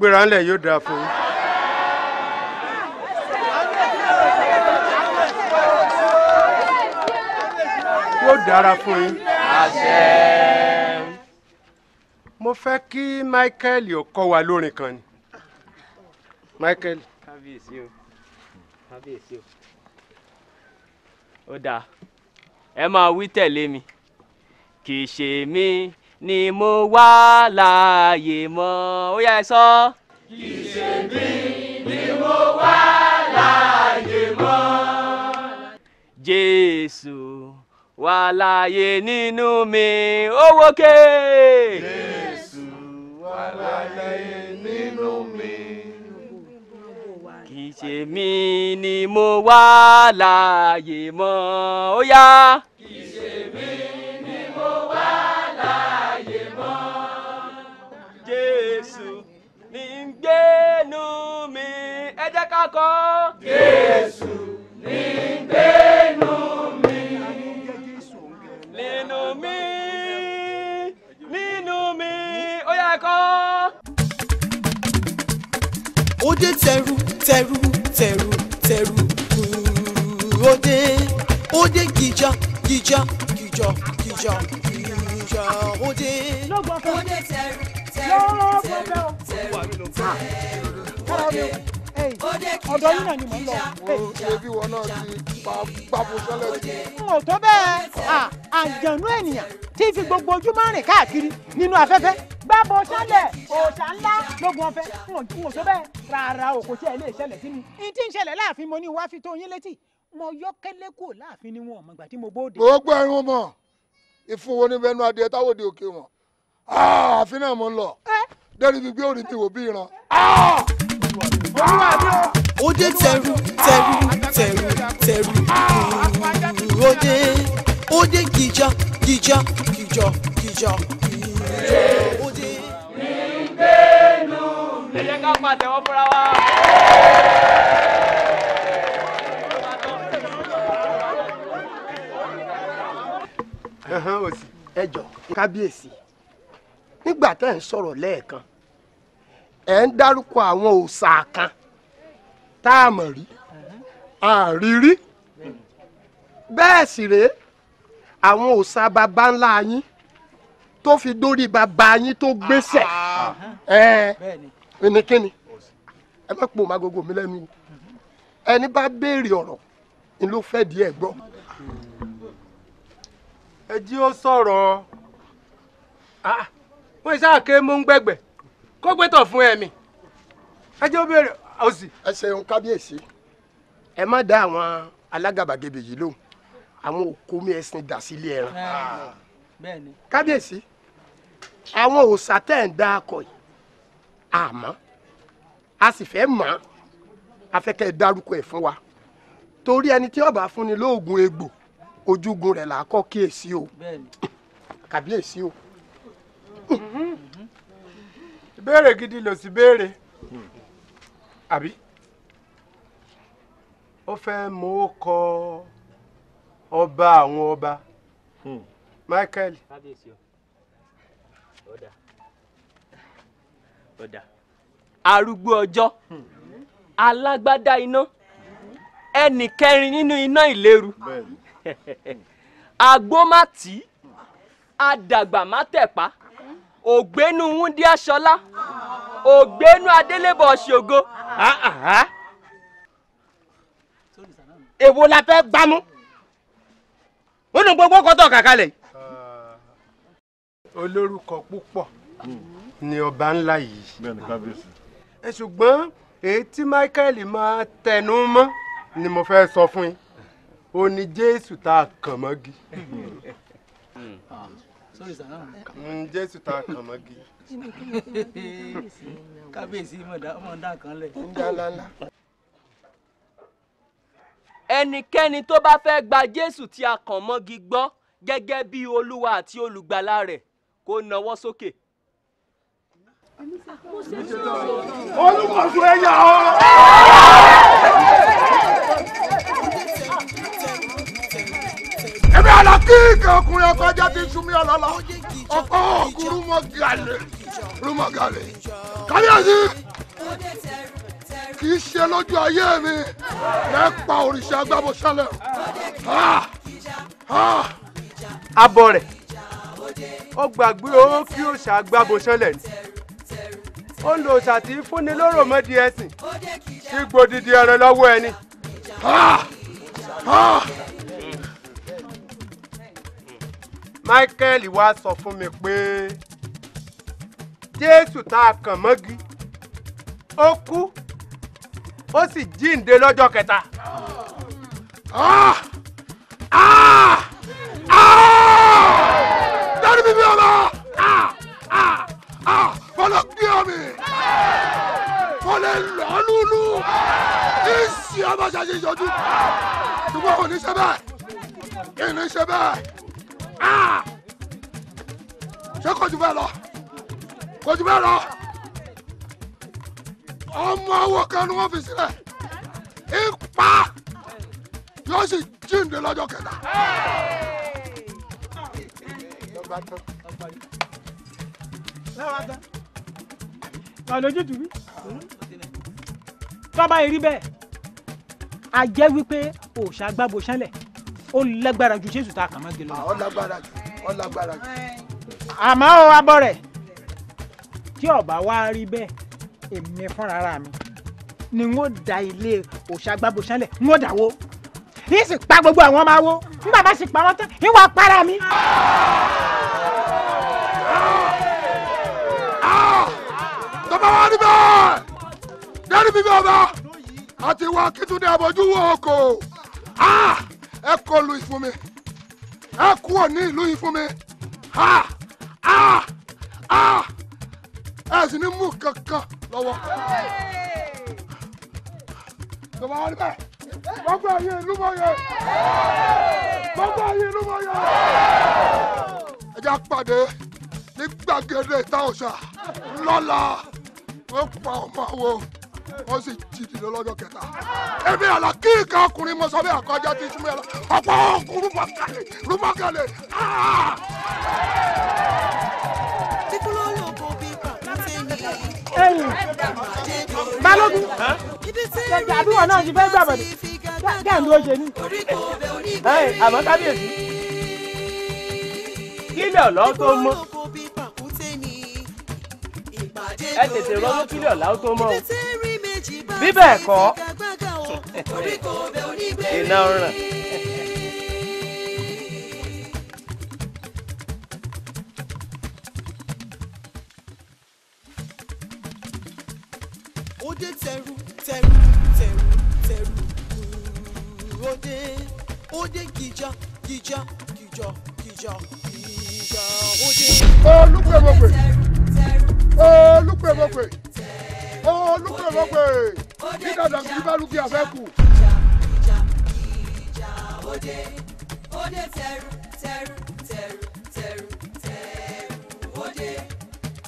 gbéra ńlẹ̀ yóò dáa fún yín. yóò dára fún yín. mo fẹ́ kí Michael ó kọ́ wa lórin kan ni. Michael. kábíyèsí o kábíyèsí o ó dáa ẹ máa wí tẹ̀lé mi kì í ṣe mí ni mo wà láàyè mọ́ ó yá ẹ sọ. kì ni mo wá láàyè mọ́. jésù wà láàyè nínú mi ó wókè. jésù wà láàyè nínú mi. kì í ni mo wá láàyè mọ́ ó yá. kọ́. Jésù ní gbénu mi. Nínú mi, nínú mi, ó yá kọ́. Ó dé tẹ̀rù tẹ̀rù tẹ̀rù tẹ̀rù ó dé ó dé gíjà gíjà gíjà gíjà gíjà ó dé. Lọ́gbọ̀n kan. Ó dé tẹ̀rù tẹ̀rù ọ̀dọ̀ yín náà ni mò ń lọ. ebi wọn náà ti pàbò sọlẹ ti. n ò tó bẹ́ẹ̀ àjànú ènìyàn tí fi gbogbo ojúmọ́ rìn káàkiri nínú afẹ́fẹ́ gbàbọ̀ sálẹ̀ òòṣà ńlá lógun ọ̀fẹ́ n ò tó bẹ́ẹ̀ rárá o kò tiẹ̀ lè ṣẹlẹ̀ sí mi. n ti ń ṣẹlẹ̀ láàfin mo ní wá fi tó yín létí mo yọ kẹ́lẹ́ kù láàfin ni wọn ò mọ̀gbà tí mo bóde. mo gbọ́ ẹ̀rùn mọ̀ ìfúnwo ní bẹnu adìẹ táwọn òde òkè wọn àfin náà mo ń lọ dẹ́rù gbígbé òrìbí wò bí ìran. Ode dé tẹ̀rù tẹ̀rù tẹ̀rù tẹ̀rù Ode dé ó dé gìjà gìjà gìjà gìjà ó dé. ẹ jẹ́ ká fúnra wa. ẹ̀hán òsì ẹjọ́ kábíyèsí nígbà tẹ́ ń sọ̀rọ̀ lẹ́ẹ̀kan ẹ̀ ń dárúkọ àwọn òòṣà kan tá a mọ̀ rí àrírí bẹ́ẹ̀ sì rèé àwọn baba ńlá yín tó fi dórí baba yín tó gbéṣẹ̀ ẹ̀ nìkíni ẹ má pò má mi lẹ́nu ẹni bá béèrè ọ̀rọ̀ ni ló fẹ́ di ẹ̀ gbọ́. ẹ jí ó kó gbé tọ̀ fún ẹ̀mí. ẹ jẹ́ ó béèrè òsì. ẹ ṣeun kábíyèsí ẹ má dá àwọn alágàbàgebè yìí lóhùn àwọn òkómi ẹ̀sìn dà sílé ẹran. Ah, kábíyèsí àwọn òòṣà tẹ̀ ń dá akọ yìí àmọ́ a sì fẹ́ mọ̀ ọ́n afẹ́kẹ́ dárúkọ ẹ̀ fún wa torí ẹni tí ó fúnni lóògùn egbò ojúgun rẹ̀ là kíyèsí o kábíyèsí o. Mhm. ìbéèrè gidi ló sì béèrè àbí ó fẹ́ mọ kọ ọba àwọn ọba hmm. Michael. arúgbó ọjọ́ hmm. alágbádá iná ẹnì kẹrin nínú iná ìléru agbó má tì í àdàgbà má ògbénu wúndí aṣọlá ògbénu adélébọ̀ ṣògo. èwo la fẹ́ gbámú ó nu gbogbo kọ́tọ̀ kàkálẹ̀. Ah, olórúkọ púpọ̀ ni ọba ńlá yìí ṣùgbọ́n èyí tí Michael máa tẹnu mọ́ ni mo fẹ́ sọ fún yín ó ní Jésù tá a kàn mọ́gi. Mm, jésù ta kàn mọ́gi. kábíyèsí mọ̀dá kan lẹ̀. ń já lálá. ẹnikẹ́ni tó bá fẹ́ gba jésù tí a kàn mọ́gi gbọ́ gẹ́gẹ́ bí olúwa àti olùgbàlà rẹ̀ kó nawọ́ sókè. olùkọ́sọ ẹ̀yà ọ́. kíkà ọkùnrin ọkọjá ti súnmí ọlọlọ ọkọ ọkùn rúmọ gàlè rúmọ gàlè kábíyèsí kì í ṣe lójú ayé mi lẹ́pa òrìṣà agbábọ̀ o abọ rẹ̀ ó gbàgbé ó kí òòṣà agbábọ̀ ṣẹlẹ̀ ni ó lo òòṣà tí fúnni lóró mọ́dí ẹ̀sìn kí gbòdìdì ẹ̀rẹ̀ lọ́wọ́ ẹni. Michael wá sọ fún mi pé Jésù tá a kàn mọ́gi ó kú ó sì jíǹde lọ́jọ́ kẹta. Ah! Ah! Ah! Dárí mi bí ọmọ! Ah! Ah! Ah! Fọlọ́ gbé ọmọ! Fọlọ́ lọ́ lúlú! Ìsì ọmọ ṣàṣeyọjú! Ṣùgbọ́n kò ní ṣe bẹ́ẹ̀! Kì í ní ṣe bẹ́ẹ̀! Ah! ṣé kò jù bẹ́ẹ̀ lọ kò jù bẹ́ẹ̀ lọ ọmọ owó kan ni wọ́n fi sílẹ̀ ipa yóò sì jíǹde lọ́jọ́ kẹta. tọ́ba yìí rí bẹ́ẹ̀ a jẹ́ wípé òòṣà gbàgbó sánlẹ̀ ó lágbára ju jésù tá a kàn máa gbé lọ. Ah, ó lágbára jù ó lágbára jù. àmọ́ o abọ́ rẹ̀ tí ọba wa rí bẹ́ẹ̀ èmi fúnra mi ni n ó da ilé òṣàgbàbọ̀sánlẹ̀ n ó dàwó yìí sì pa gbogbo àwọn ọmọ awo n bàbá sì pa wọn tán yìí wàá para mi. tọ́ba wa rí bẹ́ẹ̀ dẹ́rù bíbí ọba àti ìwà kìtùnú àbójú wo kò ẹ kó lu ìfún mi ẹ kúrò ní ìlú yìí fún mi ha ha ha ẹ sì ní mú kankan lọ́wọ́. Bàbá wa níbẹ̀, gbogbo ayé ìlú mọ̀ yẹ, gbogbo ayé ìlú mọ̀ yẹ. Ẹ jẹ́ àpàdé ní gbàgede ìta òòṣà lọ́la, wọ́n pa ọmọ wo wọ́n sì jìdì lọ́jọ́ kẹta. èmi àlà kí nǹkan ọkùnrin mọ sọ bí ti súnmọ́ ẹ̀rọ ọ̀pọ̀ ọkùnrin rúmọ̀kẹ́lẹ̀ rúmọ̀kẹ́lẹ̀. ẹyìn balógun kẹkẹ àdúgbò náà ti fẹ́ gbàbọ̀dẹ̀ kẹ́hìn ló ṣe ní. àmọ́ kábíyèsí kílẹ̀ ọ̀lọ́ tó mọ́ ẹ tètè rọ́nú kílí ọ̀la ó tó mọ́ o bí bẹ́ẹ̀ iná ràn. Ode tẹ̀rù tẹ̀rù tẹ̀rù tẹ̀rù ode ode gija gija gija gija gija ode. olùgbèmọ̀gbè olùpèmọ̀pè olùpèmọ̀pè ní dandan kí bá lùkì àfẹ́kù. ìjà ìjà òde òde tẹrù tẹrù tẹrù tẹrù tẹrù òde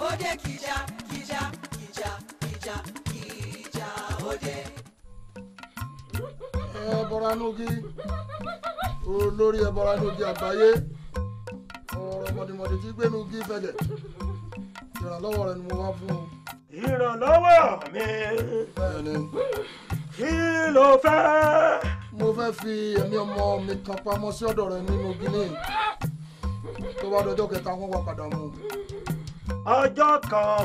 òde kìjà kìjà kìjà kìjà kìjà òde. ẹ bọra nugi olórí ẹ bọra nugi àgbáyé ọ̀rọ̀ mọdìmọdì tí gbẹnugi fẹjẹ ìrànlọ́wọ́ rẹ ni mo wá fún ọ. ìrànlọ́wọ́ mi kí ló fẹ́. mo fẹ́ fi ẹ̀mí ọmọ mi kan pamọ́ sí ọ̀dọ̀ rẹ nínú gíní tó bá dọjọ́ kẹta wọn wá padà mú. ọjọ́ kan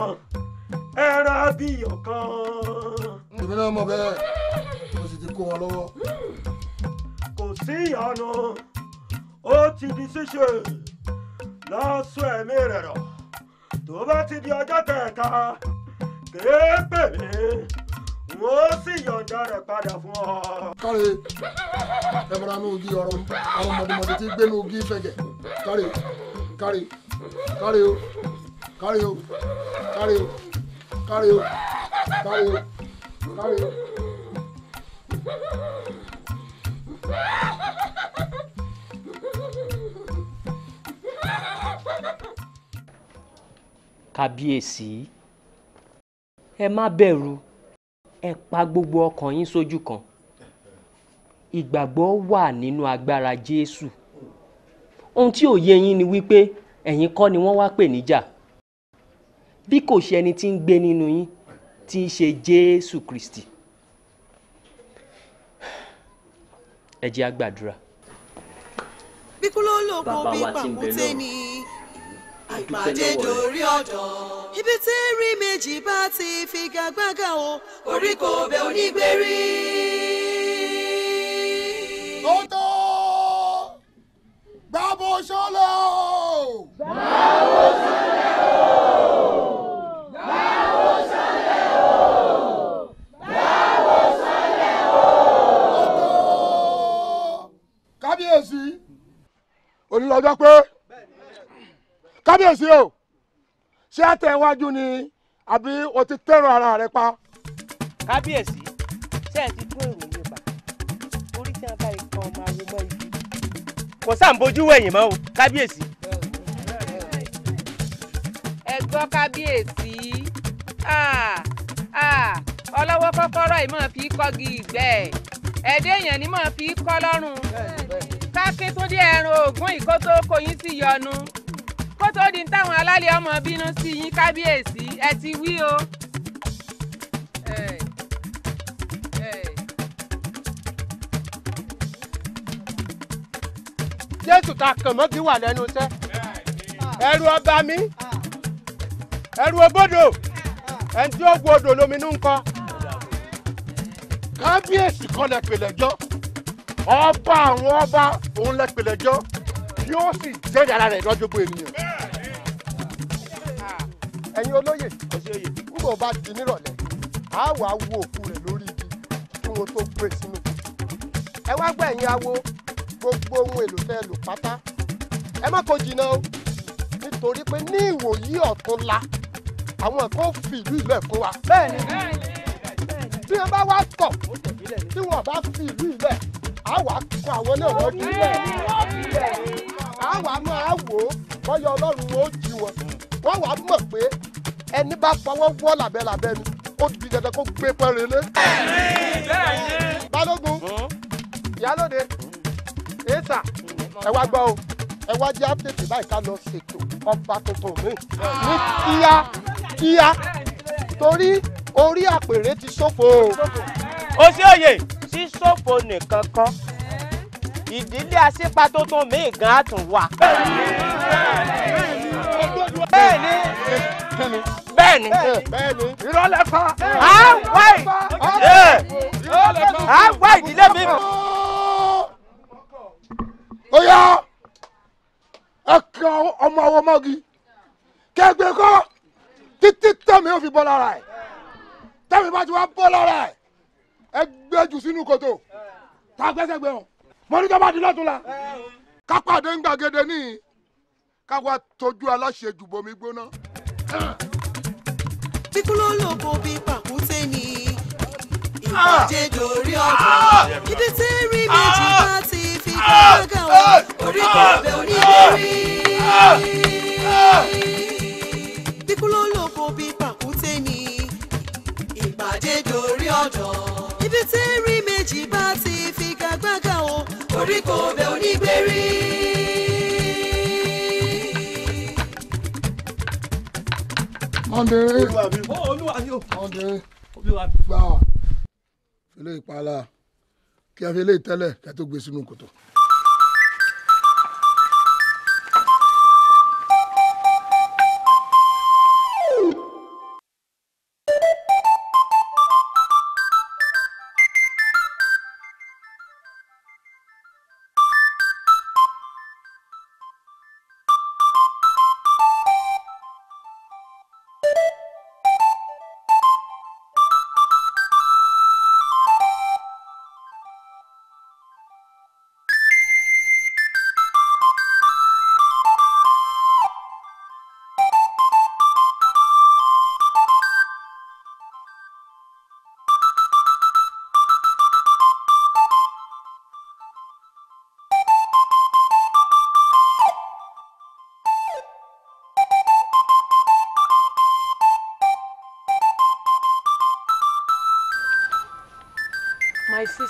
ẹran abiyọ̀ kan. èmi náà mọ̀ bẹ́ẹ̀ mo sì ti kó wọn lọ́wọ́. kò sí ìyanu ó ti di ṣíṣe lọ́sùn ẹ̀mí rẹ̀ rọ̀ tó bá ti di ọjọ́ kẹta kéèpèrè wọ́n sì yọ̀ǹda rẹ̀ padà fún ọ. káre ẹ bọ́ra ní ogi ọ̀rọ̀ ọ̀rọ̀ mọ̀dìmọ̀dì tí gbé ní ogi fẹ̀gẹ̀ káre káre káre o káre o káre o káre o káre o káre o. kábíyèsí ẹ má bẹ̀rù ẹ pa gbogbo ọkàn yín sójú kan ìgbàgbọ́ wà nínú agbára Jésù ohun tí ò yín ni wípé ẹ̀yin kọ́ ni wọ́n wá pè níjà bí kò ṣe ẹni tí ń gbé nínú yín tí ń ṣe Jésù Kristi ẹ jẹ́ á gbàdúrà. bí kúló lóko bí pàmò tẹ́ni àìpàdé dorí ọ̀dọ̀. ibi tí rí méjì bá ti figagbága o orí kò bẹ onígbérí. ó tó gbàbó sọlẹ o. gbàbó sọlẹ o. gbàbó sọlẹ o. gbàbó sọlẹ o. ó pé kábíyèsí o ṣé àtẹ̀wájú ni àbí o ti tẹ̀rọ ara rẹ pa. kábíyèsí ṣé ẹ ti dún ìròyìn bá orí tí a bá lè kan ọmọ àwọn ọmọ yìí. kò sáà ń bójú wẹ̀yìn mọ́ o kábíyèsí. ẹ gbọ́ kábíyèsí ah, ah, ọlọ́wọ́ kọ́kọ́rọ́ yìí máa fi kọ́gi ìgbẹ́ ẹ̀dẹ́ èèyàn ni máa fi kọ́ lọ́rùn kákíntúndé ẹran ògún ìkótó kọyín sí yọnu kó tó di táwọn alálẹ̀ ọmọ bínú sí yín kábíyèsí ẹ ti wí o. jésù ta kànmọ́gì wà lẹ́nu iṣẹ́ ẹrù ọba mi ẹrù obodò ẹni tí ó wo odò lóminú ńkọ. kábíyèsí kan lẹ pèlè ọba àwọn ọba òun lẹ pèlè yóò sì jẹ́rìí ara rẹ̀ lọ́jọ́ gbogbo ènìyàn ẹ̀yin olóyè n kò bá di nírọ̀lẹ́ a wàá wo òkú rẹ̀ lórí igi kí wọn tó gbé e sínú ẹ wá gbọ́ ẹ̀yin awo gbogbo ohun èlò tẹ́ lò pátá ẹ má kó jìnnà o nítorí pé ní ìwòyí ọ̀túnla àwọn kan fi ìlú ìlú ẹ̀ wa. bẹ́ẹ̀ni bí wọn bá wá tọ̀ tí wọn bá fi ìlú ìlú ẹ̀ á wà kọ àwọn náà wọ́n jù bẹ́ẹ̀ á wà máa wò ó bọ́yọ̀ ọlọ́run ó jù wọn wọ́n wàá mọ̀ pé ẹni bá fọwọ́ wọ́ làbẹ́làbẹ́ ni ó di dandan kó gbé pẹ́rẹ́ lé. balógun hm? ìyálóde èèsà ẹ wá gbọ́ o ẹ wá jẹ́ àpètè báyìí ká lọ ṣètò ọba tuntun mi ní kíá kíá torí orí àpèrè ti ṣòfò. o ṣe òye ṣíṣòfò nìkan kan ìdílé aṣípa mi gan-an tún wà bẹ́ẹ̀ni bẹ́ẹ̀ni ìrọ̀lẹ́fà àwa àwa ìdílé mi. ó yá ẹ kan ọmọ ọwọ́ mọ́gi kẹgbẹ́ kọ́ títí tẹ̀mí ò fi bọ́ lára ẹ̀ tẹ̀mí bá ti wá bọ́ lára ẹ̀ ẹ gbé jù sínú kòtò tá a gbẹ́sẹ̀ gbẹ̀rún mọ́nítọ́ bá di lọ́tún la kápá àdéhùn gbàgede níyì ká wá tọ́jú aláṣejù bomi gbóná. bíkú ló lò bí pàkúté ni ìbàjẹ́ dorí ọ̀dọ́ ibi tí rí méjì bá ti fi gbàgà wọ́n orí kọ̀ọ̀bẹ onídìrí. bíkú ló lò bí pàkúté ni ìbàjẹ́ dorí ọ̀dọ́ ibi tí rí méjì bá ti fi gbàgà wọ́n orí kọ̀ọ̀bẹ onígbèrí. hundred hundred gbà fẹlẹ́ ìpalà kí a fi lè tẹ́lẹ̀ kí a tó gbé sínú kòtò.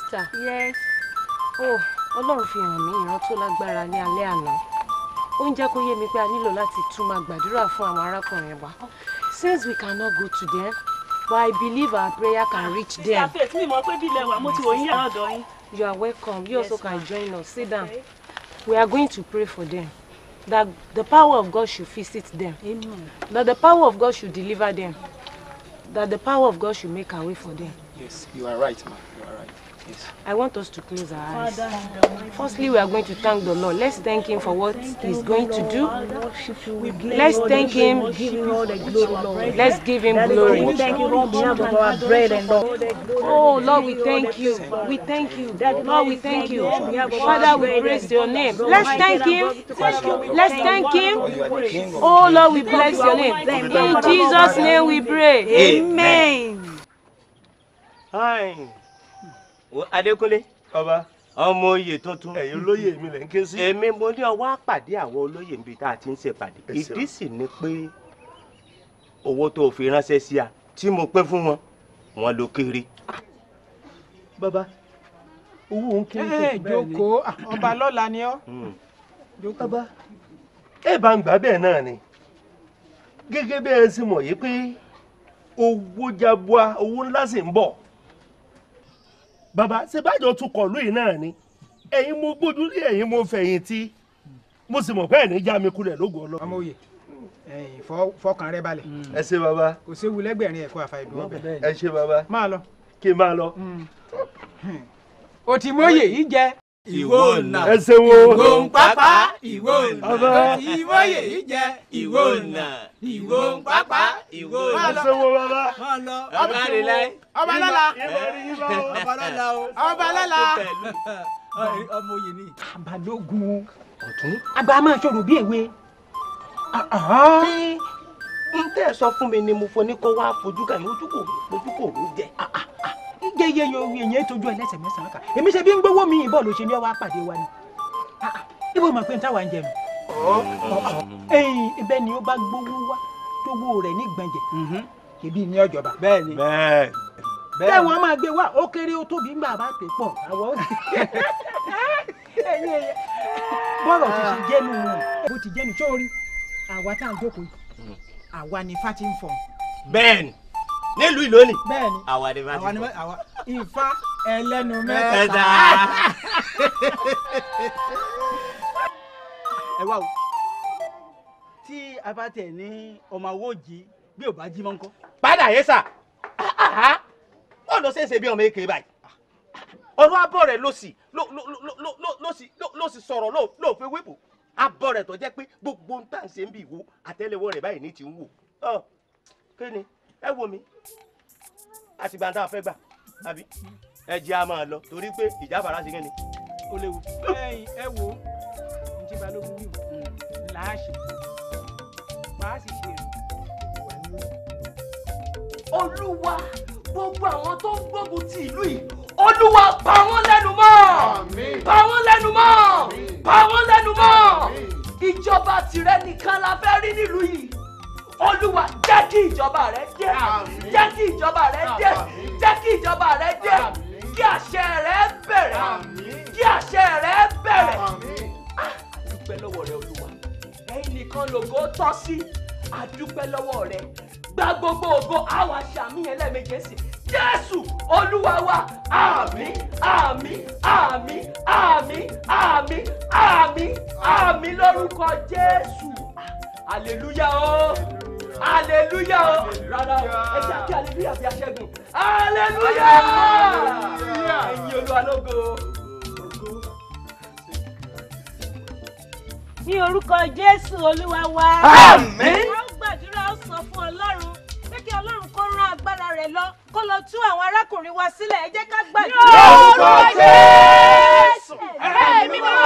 sister. yes. oh ọlọ́run fi hàn mí ìran tó lágbára ní alẹ́ àná ó ń jẹ́ kó yé mi pé a nílò láti tún máa gbàdúrà fún àwọn arákùnrin wa since we cannot go to them but I believe our prayer can reach them. sister faith mi mọ̀ pé bí ilẹ̀ mo ti wò yín àádọ́ yín. you are welcome you also can join us sit down we are going to pray for them that the power of God should visit them Amen. that the power of God should deliver them that the power of God should make a way for them. yes you are right ma. I want us to close our eyes. Firstly, we are going to thank the Lord. Let's thank Him for what He's going to do. Let's thank Him. Let's give Him glory. Oh, Lord, we thank you. We thank you. Oh, Lord, we thank you. Father, we praise your name. Let's thank Him. Let's thank Him. Oh, Lord, we bless your name. In Jesus' name we pray. Amen. Hi. adékọ́lé ọba ọmọ oyè tuntun ẹ̀yin olóyè mi lẹ ń ké sí. èmi mo ní ọwọ́ àpàdé àwọn olóyè níbi tá a ti ń ṣèpàdé ìdí sì ni pé owó tó fi ránṣẹ́ sí a tí mo pẹ́ fún wọn wọn ló kéré. bàbá owó òun kéré tó eh, bẹ́ẹ̀ ni. ẹ jókòó ah, ọba lọ́la ni ọ́. Hmm. bàbá ẹ bá ń gbà bẹ́ẹ̀ náà ni gẹ́gẹ́ bẹ́ẹ̀ sì mọ̀ yìí pé owó jabua owó ńlá sì ń bọ̀. Baba, ṣe bájọ tún kọ̀lú yìí náà ni ẹ̀yin mo gbójú lé ẹ̀yin mo fẹ̀yìn tí mo sì mọ̀ pé ẹ̀ní já mi kulẹ̀ lógo ọlọ́run. ọmọ òye ẹ̀yin fọkàn rẹ balẹ̀. Mm. ẹ ṣe bàbá. kò séwu lẹ́gbẹ̀rin ẹ̀kọ́ àfàìdù ọbẹ̀. ẹ ṣe baba. máa lọ. kí n máa lọ. òtí mm. mòye yìí jẹ ìwọ ọ̀nà ìwọ ńpápá ìwọ ọ̀nà ìwọ́yè ìjẹ ìwọ ọ̀nà ìwọ ńpápá ìwọ ọ̀nà. ẹ ṣe wo bàbá. ọba rẹ láyé. ọba lọ́la. ọba lọ́la o. ọba lọ́la. ọmọ oyè ni. àbálógun ọ̀tún. àgbà máa ṣòro bí èwe. n tẹ́ ẹ sọ fún mi ni mo fọ ní kó wá fojú kàmí ojú kò rú jẹ. Ah, ah yeye èyàn ètòjú ẹlẹ́sẹ̀ mẹ́sàn-án kà èmi ṣe bí ń gbowó mi ìbọ̀ ló ṣe ní ọwọ́ àpàdé wa ni ibo ah, ah, mọ̀ pé n táwa ń jẹ mi. ẹyin ibẹ̀ ni ó bá gbowó wá tówó rẹ̀ ní gbọ̀njẹ̀ kébí mm-hmm. ní ọjọba. bẹ́ẹ̀ni bẹ́ẹ̀ wọn máa gbé wá ó kéré ó tóbi ń gbà bá pè pọ̀ àwọn bọ́rọ̀ ti ṣe jẹ́nu wọn bó ti jẹ́nu sórí àwa tá à jókòó àwa ni fati ń fọ̀. bẹ́ẹ̀ni nílùú ìlónì. bẹ́ẹ̀ni àwa ni bá ti bọ ifá ẹlẹ́nu mẹ́ta. ẹ wá o tí a bá tẹ̀ ní ọmọ owó jí bí ò bá jí mọ́ ńkọ́. padà yé sà bọ́ọ̀lù ṣèṣe bí ọmọ èké báyìí ọ̀rọ̀ abọ́ rẹ̀ ló sì ló sì sọ̀rọ̀ ló fi wípò abọ́ rẹ̀ tó jẹ́ pé gbogbo ń tà ń ṣe ń bì wò àtẹ́lẹwọ́ rẹ̀ báyìí ní ti ń wò kí ni ẹ wo mi àti gbàǹtà fẹ́ gbà àbí ẹ jẹ́ a máa lọ torí pé ìjábára ṣe kíni ó léwu. ẹ̀yin ẹ wo ǹjẹ́ balógun wíwò làásì màá sì ṣe ìwà ní òní. olúwa gbogbo àwọn tó ń gbógun ti ìlú yìí olúwa pa wọ́n lẹ́nu mọ́ pa wọ́n lẹ́nu mọ́ pa wọ́n lẹ́nu mọ́ ìjọba tìrẹ nìkan la fẹ́ rí nílùú yìí olúwa jẹ́ kí ìjọba rẹ dé jẹ́ kí ìjọba rẹ dé jẹ́ kí ìjọba rẹ dé kí àṣẹ rẹ bẹ̀rẹ̀ kí àṣẹ rẹ bẹ̀rẹ̀ àdúpẹ́ lọ́wọ́ rẹ olúwa ẹ̀yin nìkan lògó tọ́ sí àdúpẹ́ lọ́wọ́ rẹ gba gbogbo ògo àwọn àṣàmì ẹlẹ́mẹjẹ sí jésù olúwa wa àmín àmín àmín àmín àmín àmín àmín lórúkọ jésù aleluya o aleluya o rárá ẹ jẹ́ kí aleluya bí aṣẹ́gun aleluya ẹ̀yin olúwa lógo. ní orúkọ jésù olúwa wa àmín ó gbàdúrà ó sọ fún ọlọ́run pé kí ọlọ́run kó rán agbára rẹ̀ lọ kó lọ tú àwọn arákùnrin wa sílẹ̀ ẹ jẹ́ ká gbàdúrà. ní orúkọ jésù ẹ̀mí mọ́.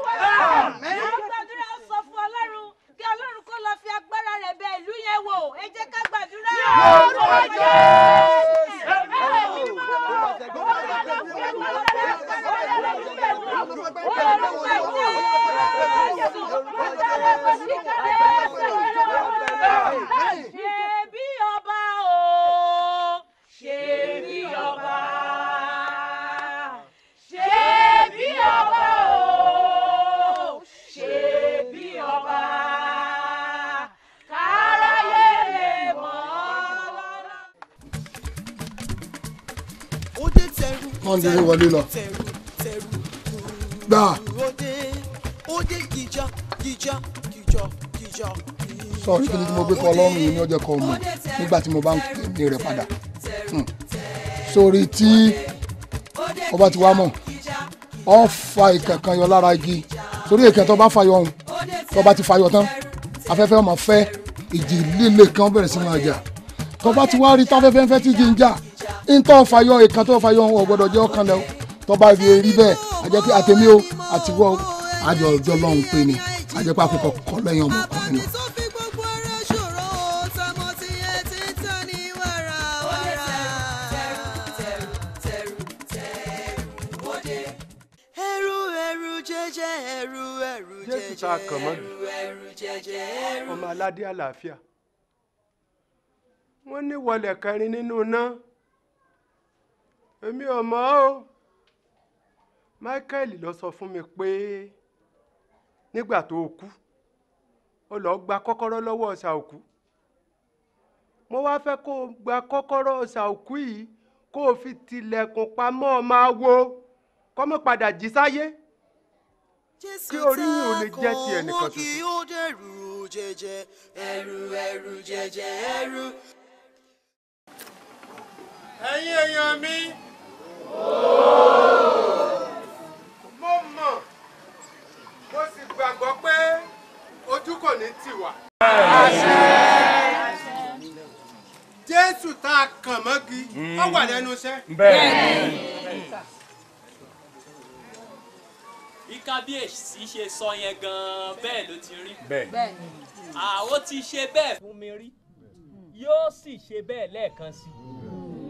agbára rẹ̀ bẹ ìlú yẹn wò ẹ jẹ́ ká gbàdúrà. yóò lọ jẹ́. ń gbé wọlé lọ. gbà. sọ̀rọ̀ kí ni mo gbé kọ ọlọ́run yìí ní ọjọ́ kan mọ̀ nígbà tí mo bá ń pè rẹ̀ padà. Hmm. sórí tí ó bá ti wá mọ̀ ó fa ìkànkan yọ lára igi sórí ìkànnì tó bá fàyọ ọ̀hún tó bá ti fàyọ tán afẹ́fẹ́ ọmọ fẹ́ ìjì líle kan bẹ̀rẹ̀ sí máa jà tó bá ti wá rí táfẹ́fẹ́ ń fẹ́ tí jí ń jà ntọ́ fàyọ ìkan tó fàyọ wọn gbọdọ̀ jẹ́ ọkàn lẹ́wọ́ tọ́ba fi rí bẹ́ẹ̀ àjẹ́ àtẹ̀mí o àti wọ́ àjọ ọjọ́ lọ́hùn pé ni àjẹ́ àkókò kọ́ lẹ́yìn ọmọkùnrin náà. jésù tá kàn mọ́ ọmọ aládé àlàáfíà wọ́n ní wọlé kẹrin nínú náà èmi ò mọ̀ o Michael ló sọ fún mi pé nígbà tó o kú ó lọ gba kọ́kọ́rọ́ lọ́wọ́ ọ̀sà òkú mo wá fẹ́ kó o gba kọ́kọ́rọ́ ọ̀sà òkú yìí kó o fi tilẹ̀kùn pamọ́ ọ máa wo kó padà jí sáyé kí orí yìí ò lè jẹ́ ti ẹnìkan tuntun. ẹ̀yin èèyàn mi mo mọ̀ mo sì gbàgbọ́ pé ojú kò ní tì wá. jésù tá a kàn mọ́gi ó wà lẹ́nu iṣẹ́. bí kábíyèsí ṣe sọ yẹn gan-an bẹ́ẹ̀ ló ti rí. bẹ́ẹ̀ àwọn ti ṣe bẹ́ẹ̀ fún mi yóò sì ṣe bẹ́ẹ̀ lẹ́ẹ̀kan sí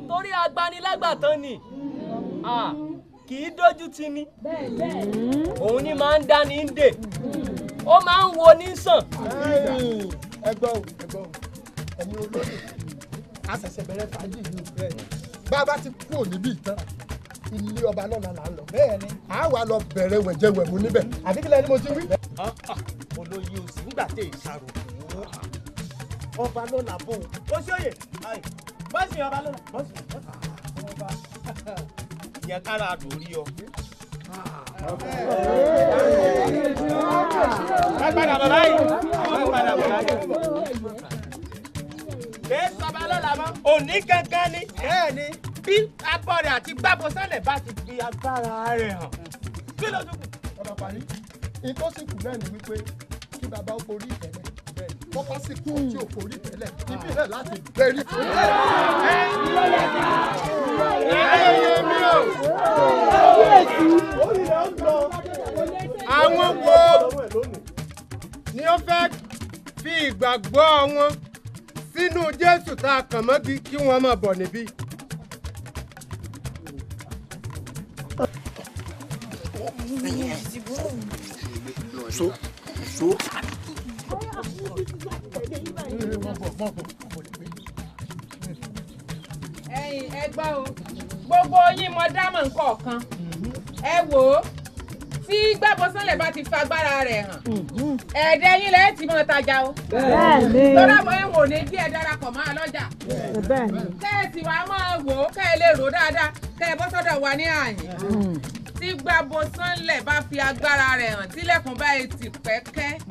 torí agbanilágbà ni. Ah. Ah. kì í dójú tì ni òun ni máa ń dání ń dè ó máa ń wo ní sàn. ẹgbọ́n o ẹgbọ́n o ẹ̀yin olóyè a ṣẹ̀ṣẹ̀ bẹ̀rẹ̀ fàájì yìí bẹ́ẹ̀ bá a bá ti kú òní bíi tán ilé ọba náà là ń lọ. bẹ́ẹ̀ni. a wà lọ bẹ̀rẹ̀ wẹ̀jẹ̀wẹ̀mu níbẹ̀. àbí kílẹ̀ ni mo ti wí. olóyè òsì nígbà tẹ ìṣàrò ọba náà là bò ó. ó ṣòye bọ́sì ọba náà bọ́sì ọba jẹ́ kára àdórí ọ. lágbàdà lọ láyé lágbàdà lọ láyé. lè sọba lọ́la mọ́ òní gangan ni bẹ́ẹ̀ ni bí abọ́rẹ̀ àti gbàbọ̀ sálẹ̀ bá ti fi agbára rẹ̀ hàn kí ló dùn. ọ̀dọ̀ pàrí ìtọ́sí kù náà ni wípé kí bàbá ó borí ìtẹ̀lẹ́ bọ́ bá kú tí o kò rí tẹ́lẹ̀ ibi rẹ̀ láti bẹ̀rẹ̀. ẹ ìrọ̀lẹ́ ká ẹ̀yẹ mi ò àwọn wo ni ó fẹ́ fi ìgbàgbọ́ wọn sínú Jésù tá a kàn mọ́gi kí wọ́n máa bọ̀ níbí. so so ẹ̀yin ẹ gbọ́ o gbogbo yín mọ dámọ̀ nǹkọ̀ọ̀kan ẹ wò ó tí gbàbọ̀sánlẹ̀ bá ti fa agbára rẹ̀ hàn ẹ̀ẹ́dẹ́ yín lẹ́yìn tí mo tajà o lọ́dọ̀ àwọn ẹ̀wọ̀n ò ní bí ẹ darapọ̀ mọ́ àlọ́jà kẹ́ẹ̀sì wàá máa wò ó kẹ́ẹ̀ lè rò dáadáa kẹ́ẹ̀ bọ́ sọ́dọ̀ wa ní àyè hmm. tí gbàbọ̀sánlẹ̀ bá fi agbára rẹ̀ hàn tílẹ̀kùn báyìí ti pẹ́kẹ́.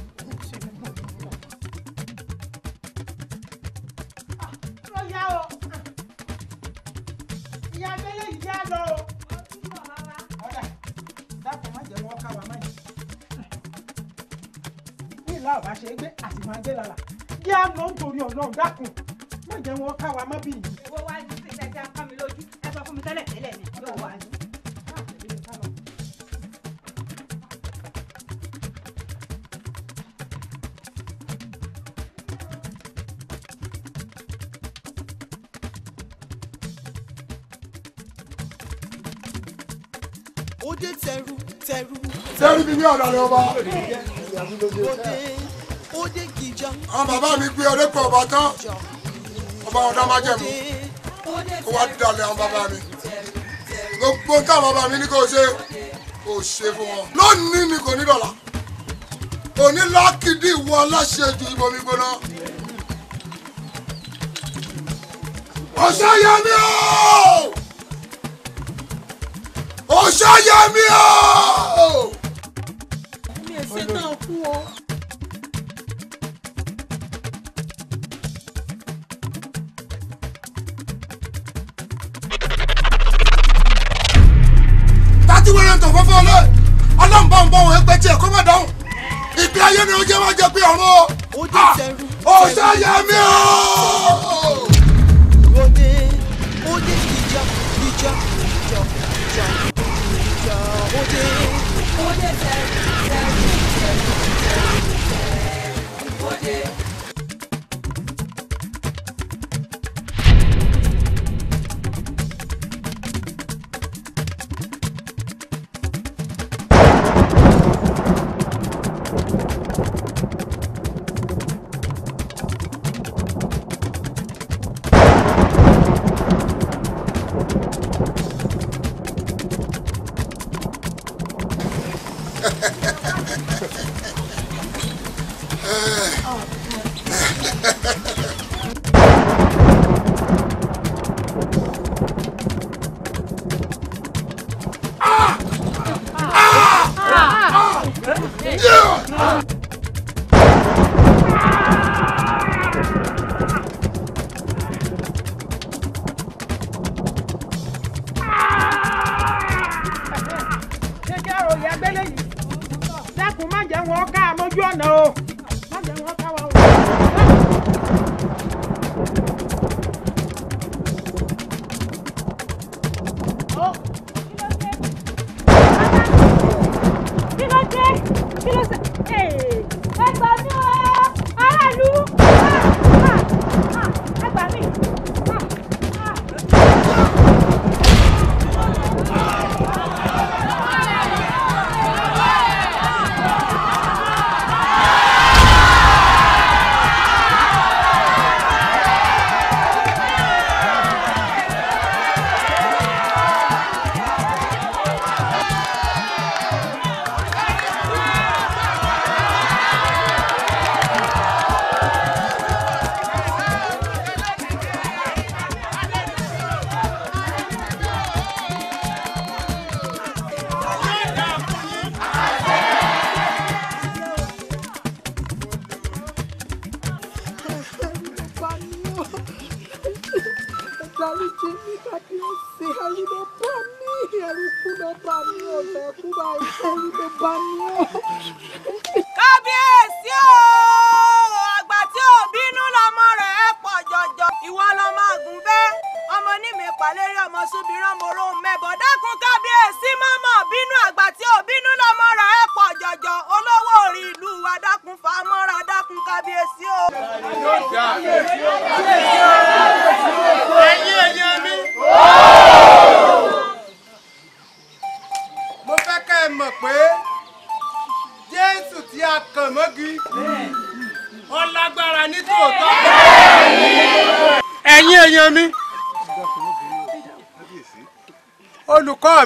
lọ o. ọ̀dà dákun má jẹ́ wọ́n ká wa má yìí. bí ìlà ọ̀bá ṣe gbé àti máa gbé lára kí á mi lójú ẹ sọ fún mi tẹ́lẹ̀ tẹ́lẹ̀ ni yóò wá fẹ́rú. sẹ́rí mi ní ọ̀dàlẹ̀ ọba. òde kìjọ. àwọn bàbá mi gbé ọdẹ pọ̀ ọba tán ọba ọ̀dà má jẹ̀mú kó wá dídàlẹ̀ àwọn bàbá mi gbogbo táwọn bàbá mi ní kò ṣe kò ṣe fún wọn. lónìí ni kò ní dọ̀là òní lákìdí ìwọ aláṣẹjù ìbomi gbóná. ọ̀sẹ̀ yẹn mi ooo. Ọ̀ṣọ́yẹmí o. mi ò ṣe tán kú o. tàti wẹ́rẹ́ tó fọ́fọ́ lé ọlọ́mbà ń bọ̀ wọ́n ẹgbẹ́ tiẹ̀ kó má dáhùn ìgbé ayé ni ó jẹ́ wá pé ọ̀run o. Ọ̀ṣọ́yẹmí ah! o.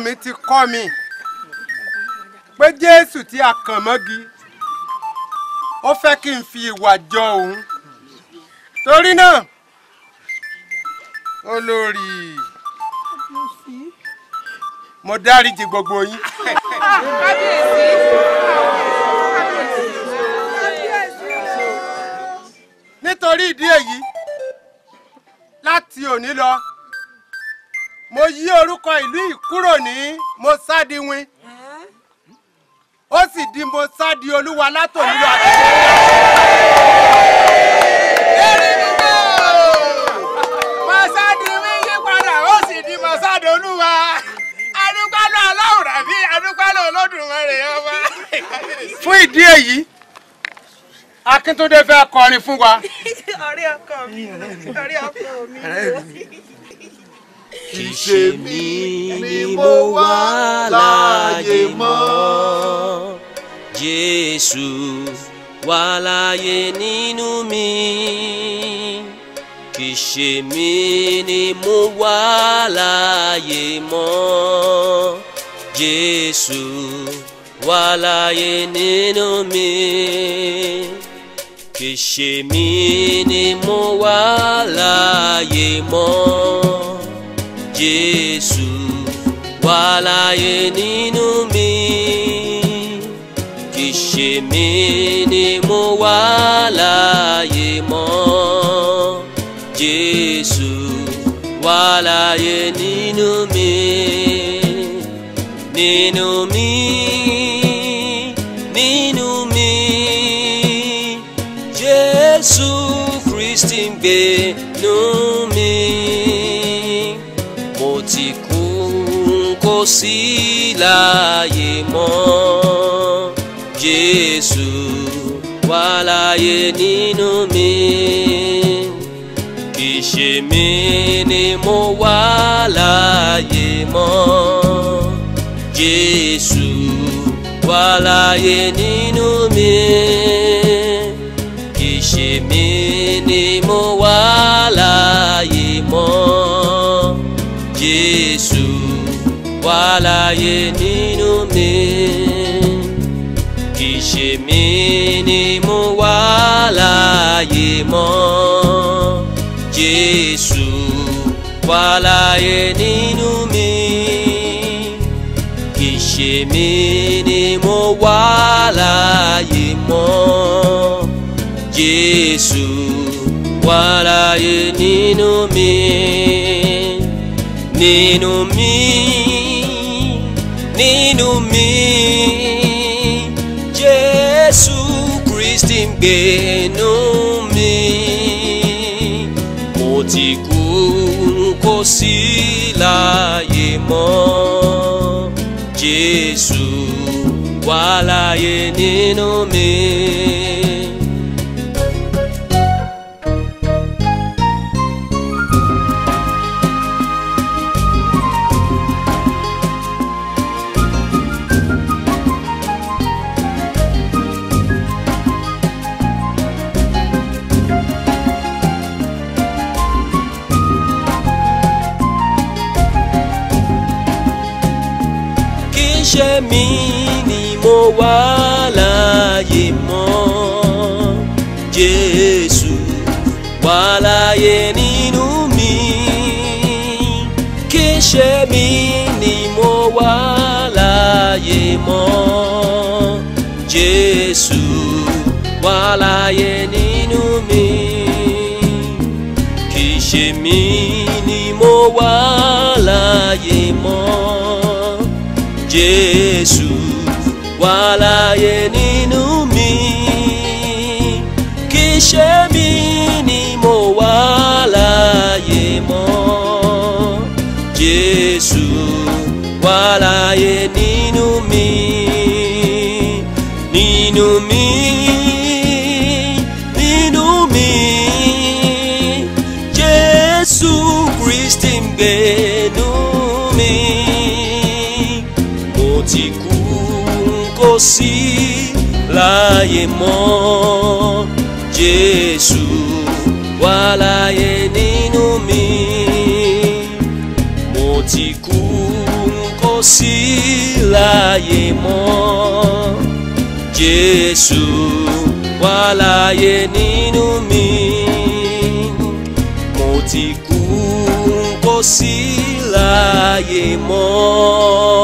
mi ti kọ́ mi pé Jésù tí a kàn mọ́gi ó fẹ́ kí n fi ìwà jọ òun torí náà olórí mo dáríjì gbogbo yín. nítorí ìdí èyí láti òní lọ kúrò ní mo sádi ó sì di mo sádi olúwa látòun lọ àti mo sádi win yí padà ó sì di mo sádi olúwa adúpálọ̀ aláwùrà bí adúpálọ̀ olódùmarè ọba. fún ìdí èyí akíntúndé fẹ́ kọrin fún wa. ọ̀rẹ́ ọkọ mi ọ̀rẹ́ ọkọ mi kì ṣe mí ni mo wà láàyè mọ́ Jésù wà láàyè nínú mi kì ṣe mí ni mo wà láàyè mọ́ Jésù wà láàyè nínú mi kì ṣe mí ni mo wà láàyè mọ́. Jésù wà láyé nínú mi kì ṣe mi ni mo wà láyé mọ́ Jésù wà láyé nínú mi nínú mi nínú mi Jésù Kristi ń gbé nínú sí láàyè mọ́ Jésù wà láàyè nínú mi kì í ni mo wà láàyè mọ́ Jésù wà láàyè nínú mi. láyé nínú mi kì í ṣe mí ni mo wà láyé mọ́ Jésù wà láyé nínú mi kì í ṣe mí ni mo wà láyé mọ́ Jésù wà láyé nínú mi nínú mi nínú mi Jésù Kristi ń gbé nínú mi mo ti kú kò sí láyé mọ́ Jésù wà láyé nínú mi. mi ni mo wà láàyè mọ́ Jésù wà láàyè nínú mi kì í ṣe mi ni mo wà láàyè mọ́ Jésù wà láàyè nínú mi kì í ṣe mi ni mo wà láàyè mọ́. Jésù wà láyé nínú mi kì í ṣe mi ni mo wà láyé mọ́ Jésù wà láyé nínú mi nínú mi. sí láàyè mọ́ Jésù wà láàyè nínú mi mo ti kú kò sí láàyè mọ́ Jésù wà láàyè nínú mi mo ti kú kò sí láàyè mọ́.